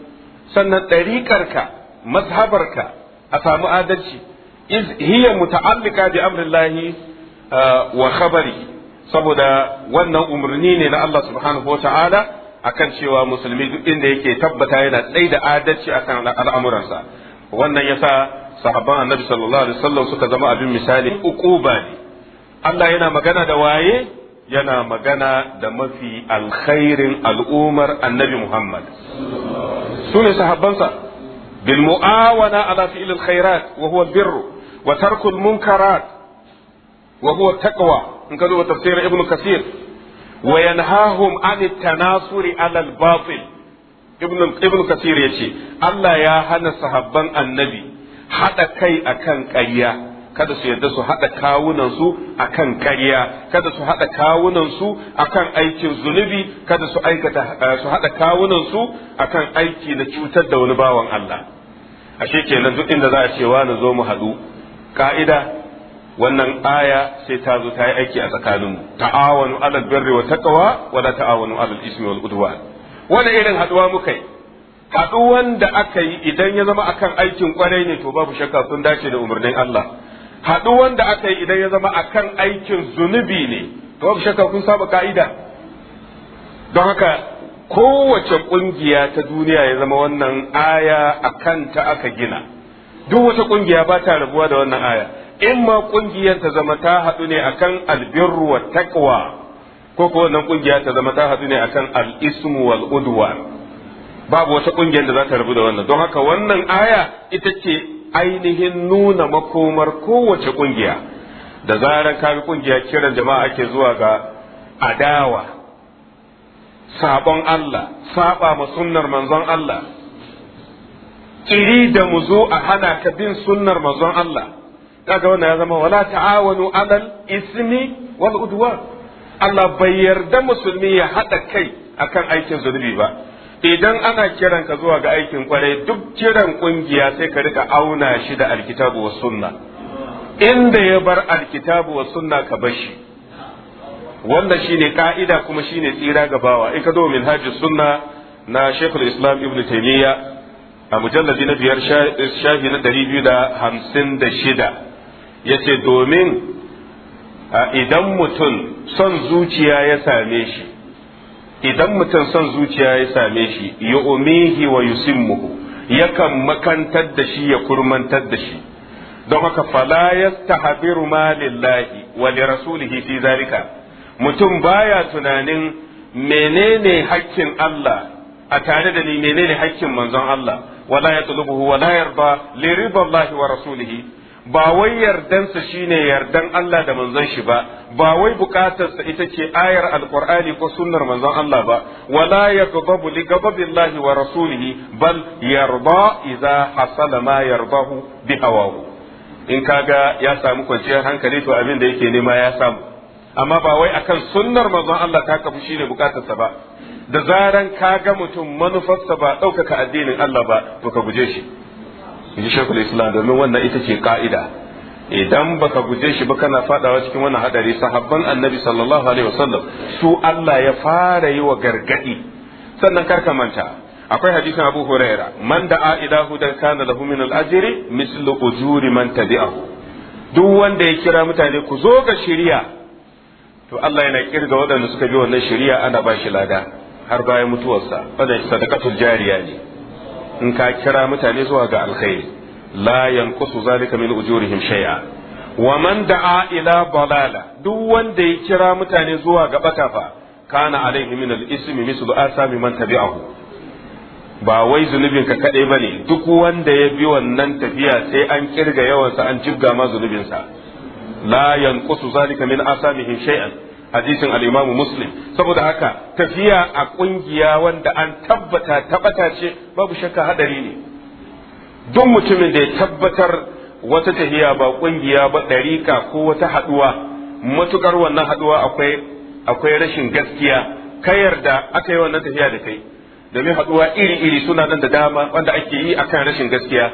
sannan dariƙarka mazhabarka a samu adalci iz hiya muta'allika bi amrillahi uh, wa khabari saboda wannan umarni ne na Allah subhanahu wa akan cewa musulmi duk inda yake tabbata yana tsaye da adalci akan al'amuransa wannan yasa sahabban annabi sallallahu alaihi wasallam suka zama abin misali uku ne Allah yana magana da waye yana magana da mafi alkhairin al'umar annabi Muhammad su ne sahabbansa bil mu'awana ala fi'l alkhairat wa huwa albirr wa tarku almunkarat wa huwa taqwa in ka zo tafsirin ibnu kasir wa yanhahum an at-tanasuri ala al-batil ibn kasir ya ce Allah ya hana sahabban annabi haɗa kai akan ƙarya kada su yadda su haɗa kawunansu a kan ƙarya kada su haɗa kawunansu a kan aikin zunubi kada su aikata eh, su haɗa kawunansu a kan aiki na cutar da wani bawan Allah ashe kenan duk inda za a ce na zo mu haɗu ka'ida wannan aya sai ta zo ta yi aiki a tsakaninmu ta'awanu alal birri wa taqwa wa la ta'awanu alal ismi wal udwan wani irin haduwa muka yi haduwan da aka yi idan ya zama akan aikin kwarai ne to babu shakka sun dace da umarnin Allah haduwan da aka yi idan ya zama akan aikin zunubi ne to babu shakka kun saba ka'ida don haka kowace kungiya ta duniya ya zama wannan aya akan ta aka gina duk wata kungiya ba ta rabuwa da wannan aya in ma kungiyar ta zama ta haɗu ne akan albirru wa taqwa ko ko wannan kungiya ta zama ta hadu ne akan al-ismu wal udwan babu wata kungiyar da za ta rabu da wannan don haka wannan aya ita ce ainihin nuna makomar kowace kungiya da zaran ka bi kungiya kiran jama'a ake zuwa ga adawa sabon Allah saba ma sunnar manzon Allah kiri da zo a hana ka bin sunnar manzon Allah kaga wannan ya zama wala ta'awanu alal ismi wal udwan Allah bai yarda musulmi ya haɗa kai akan aikin zunubi ba idan ana kiran ka zuwa ga aikin kwarai duk kiran kungiya sai ka rika auna shi da alkitabu wa sunna inda ya bar alkitabu wa sunna ka bashi wannan shine ka'ida kuma shine tsira ga bawa in ka zo min hajji sunna na shekul islam ibn taymiya a mujalladi na biyar shafi na dari biyu da hamsin da shida ya ce domin idan mutum son zuciya ya same shi idan mutum son zuciya ya same shi ya umihi wa yusimmuhu yakan makantar da shi ya kurmantar da shi don haka fala yastahbiru ma lillahi wa li rasulihi fi zalika mutum baya tunanin menene hakkin Allah a tare da ni menene hakkin manzon Allah wala yatlubuhu wala yarda li ridallahi wa rasulihi ba wai yardansa shine yardan Allah da manzon shi ba ba wai bukatarsa ita ce ayar alqur'ani ko sunnar manzon Allah ba wala yaghdabu li ghadabillahi wa rasulihi bal yarda idza hasala ma yardahu bi hawahu in kaga ya samu kwanciyar hankali to abin da yake nema ya samu amma ba wai akan sunnar manzon Allah ta kafu shine bukatarsa ba da zaran kaga mutum manufarsa ba ɗaukaka addinin Allah ba to ka guje shi ji shekul islam domin wannan ita ce ka'ida idan baka guje shi ba kana fadawa cikin wannan hadari sahabban annabi sallallahu alaihi wasallam su Allah ya fara yi wa gargadi sannan karka manta akwai hadisin Abu Huraira man da'a ila da kana lahu min al-ajri mislu ujuri man tabi'ahu duk wanda ya kira mutane ku zo ga shari'a to Allah yana kirga waɗanda suka bi wannan shari'a ana ba shi lada har bayan mutuwarsa wannan sadaqatul jariya ne in ka kira mutane zuwa ga alkhairi la yanqusu zalika min ujurihim shay'a wa man da'a ila balala duk wanda ya kira mutane zuwa ga bata fa kana alaihi min al-ismi mislu asami man tabi'ahu ba wai zunubin ka kadai bane duk wanda ya bi wannan tafiya sai an kirga yawansa an jibga ma zunubinsa la yanqusu zalika min asamihim shay'an hadisin al-Imam Muslim saboda haka tafiya a kungiya wanda an tabbata tabbata ce babu shakka hadari ne duk mutumin da ya tabbatar wata tafiya ba kungiya ba ɗarika ko wata haduwa matukar wannan haduwa akwai akwai rashin gaskiya ka yarda aka yi wannan tafiya da kai domin haduwa iri-iri suna nan da dama wanda ake yi akan rashin gaskiya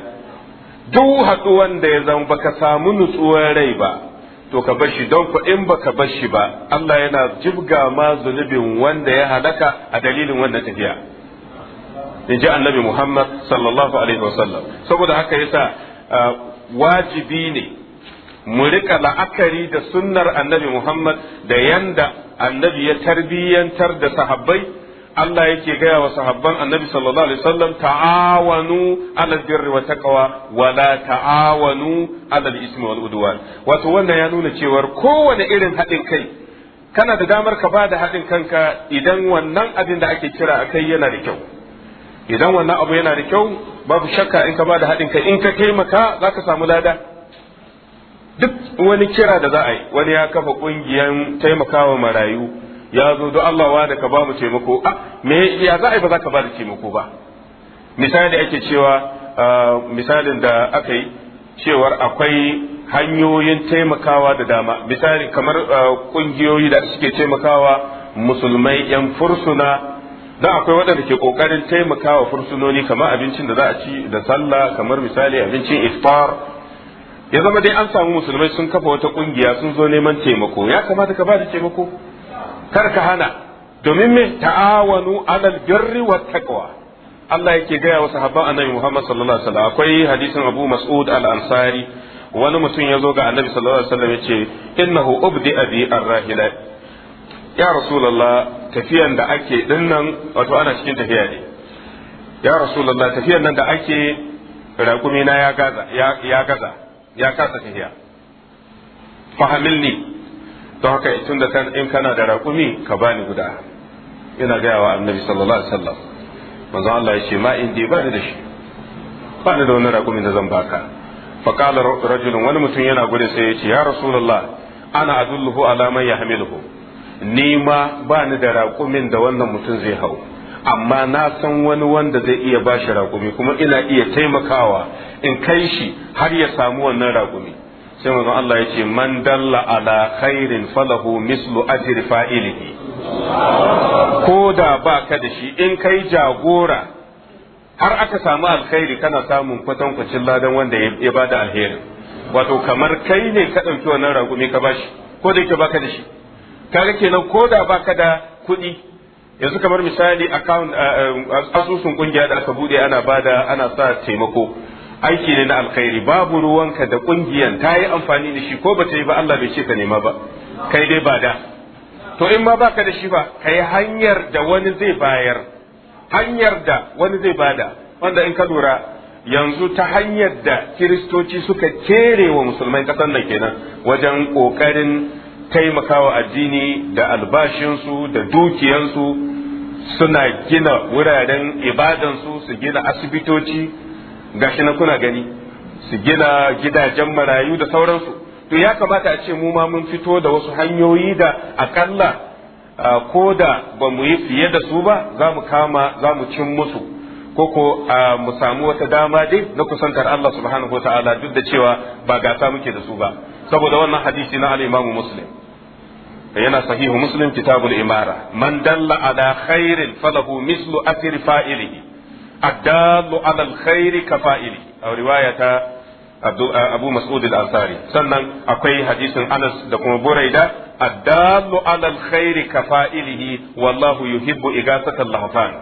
duk haduwan da ya zama baka samu nutsuwar rai ba to ka bar shi don ku in ka bar shi ba Allah yana jibga ma zunubin wanda ya halaka a dalilin wannan tafiya in ji annabi Muhammad sallallahu alaihi wasallam saboda haka yasa ah, wajibi ne mu rika la'akari da sunnar annabi Muhammad da yanda annabi ya tarbiyyantar da sahabbai Allah yake gaya wa sahabban annabi sallallahu alaihi wasallam ta'awanu alal birri wa taqwa wa la ta'awanu alal ismi wal udwan wato wannan ya nuna cewa kowane irin haɗin kai kana da damar ka bada haɗin kanka idan wannan abin da ake kira akai yana da kyau idan wannan abu yana da kyau babu shakka in ka bada haɗin kai in ka taimaka zaka samu lada duk wani kira da za a yi wani ya kafa ƙungiyar taimakawa marayu ya zo don Allah wa da ka ba mu taimako a ah, me ya za a yi ba za ka ba da taimako ba misali ake cewa ah, misalin da aka yi cewar akwai hanyoyin taimakawa da dama misali kamar kungiyoyi ah, da suke taimakawa musulmai yan fursuna da akwai waɗanda ke ƙoƙarin taimakawa fursunoni kamar abincin da za a ci da sallah kamar misali abincin iftar ya zama dai an samu musulmai sun kafa wata ƙungiya sun zo neman taimako ya kamata ka ba da taimako kar ka hana domin me ta'awanu alal birri wat taqwa Allah yake gaya wa sahabban annabi Muhammad sallallahu alaihi wasallam akwai hadisin Abu Mas'ud al-Ansari wani mutum ya zo ga annabi sallallahu alaihi wasallam yace innahu ubdi abi ar-rahila ya rasulullah tafiyan da ake nan wato ana cikin tafiya ne ya rasulullah tafiyan nan da ake raƙumi na ya gaza ya gaza ya kasa tafiya fahamilni don haka tun da in kana da raƙumi ka bani guda ina gaya wa annabi sallallahu alaihi wasallam manzo Allah ya ce ma in dai bani da shi bani da wani raƙumi da zan baka fa qala rajulun wani mutum yana gurin sai ya ce ya rasulullah ana adulluhu ala man yahmiluhu ni ma bani da raƙumin da wannan mutum zai hau amma na san wani wanda zai iya bashi raƙumi kuma ina iya taimakawa in kai shi har ya samu wannan raƙumi sai manzon Allah ya ce man dalla ala khairin falahu mislu ajir fa'ilihi ko da ba ka da shi in kai jagora har aka samu alkhairi kana samun kwatankwacin ladan wanda ya ba da alherin wato kamar kai ne ka ɗauki wannan ragumi ka bashi ko da yake baka da shi kaga kenan ko da baka da kuɗi yanzu kamar misali eh, eh, asusun kungiya da aka buɗe ana bada ana sa taimako aiki ne na alkhairi babu ruwanka da kungiyan ta yi amfani da shi ko ba ta yi ba Allah bai ce ka nema ba kai dai ba da to in ma baka da shi ba kai hanyar da wani zai bayar hanyar da wani zai bada wanda in ka lura yanzu ta hanyar da kiristoci suka kere wa musulmai kasan nan kenan wajen kokarin taimakawa addini da albashinsu da dukiyansu suna gina wuraren ibadansu su gina asibitoci gashi na kuna gani su gina gidajen marayu da sauransu to ya kamata a ce mu ma mun fito da wasu hanyoyi da akalla ko da ba mu yi fiye da su ba za mu kama za mu cin musu ko ko mu samu wata dama dai na kusantar Allah subhanahu wa ta'ala duk da cewa ba gasa muke da su ba saboda wannan hadisi na al-Imam Muslim yana sahihu Muslim kitabul imara man dalla ala khairin falahu mislu athri fa'ilihi addallu ala alkhairi kafa'ili a riwaya ta abu al-ansari sannan akwai hadisin anas da kuma buraida addallu ala alkhairi kafa'ilihi wallahu yuhibbu igasatal lahfan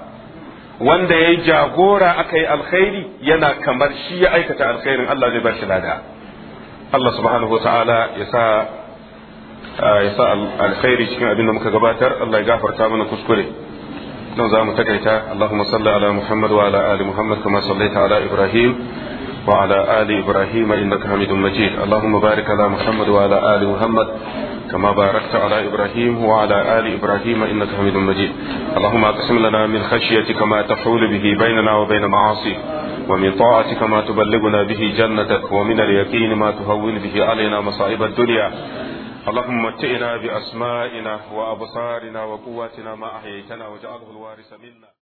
wanda yayi jagora akai alkhairi yana kamar shi ya aikata alkhairin Allah zai ba shi lada Allah subhanahu wa ta'ala ya sa alkhairi cikin abin da muka gabatar Allah ya gafarta mana kuskure don za mu takaita Allahumma salli ala Muhammad wa ala ali Muhammad kama sallaita ala Ibrahim wa ala ali Ibrahim innaka Hamidum Majid Allahumma barik ala Muhammad wa ala ali Muhammad كما باركت على إبراهيم وعلى آل إبراهيم إنك حميد مجيد اللهم اقسم لنا من خشيتك ما تحول به بيننا وبين معاصيك ومن طاعتك ما تبلغنا به جنتك ومن اليقين ما تهون به علينا مصائب الدنيا اللهم متئنا بأسمائنا وأبصارنا وقواتنا ما أحييتنا وجعله الوارث منا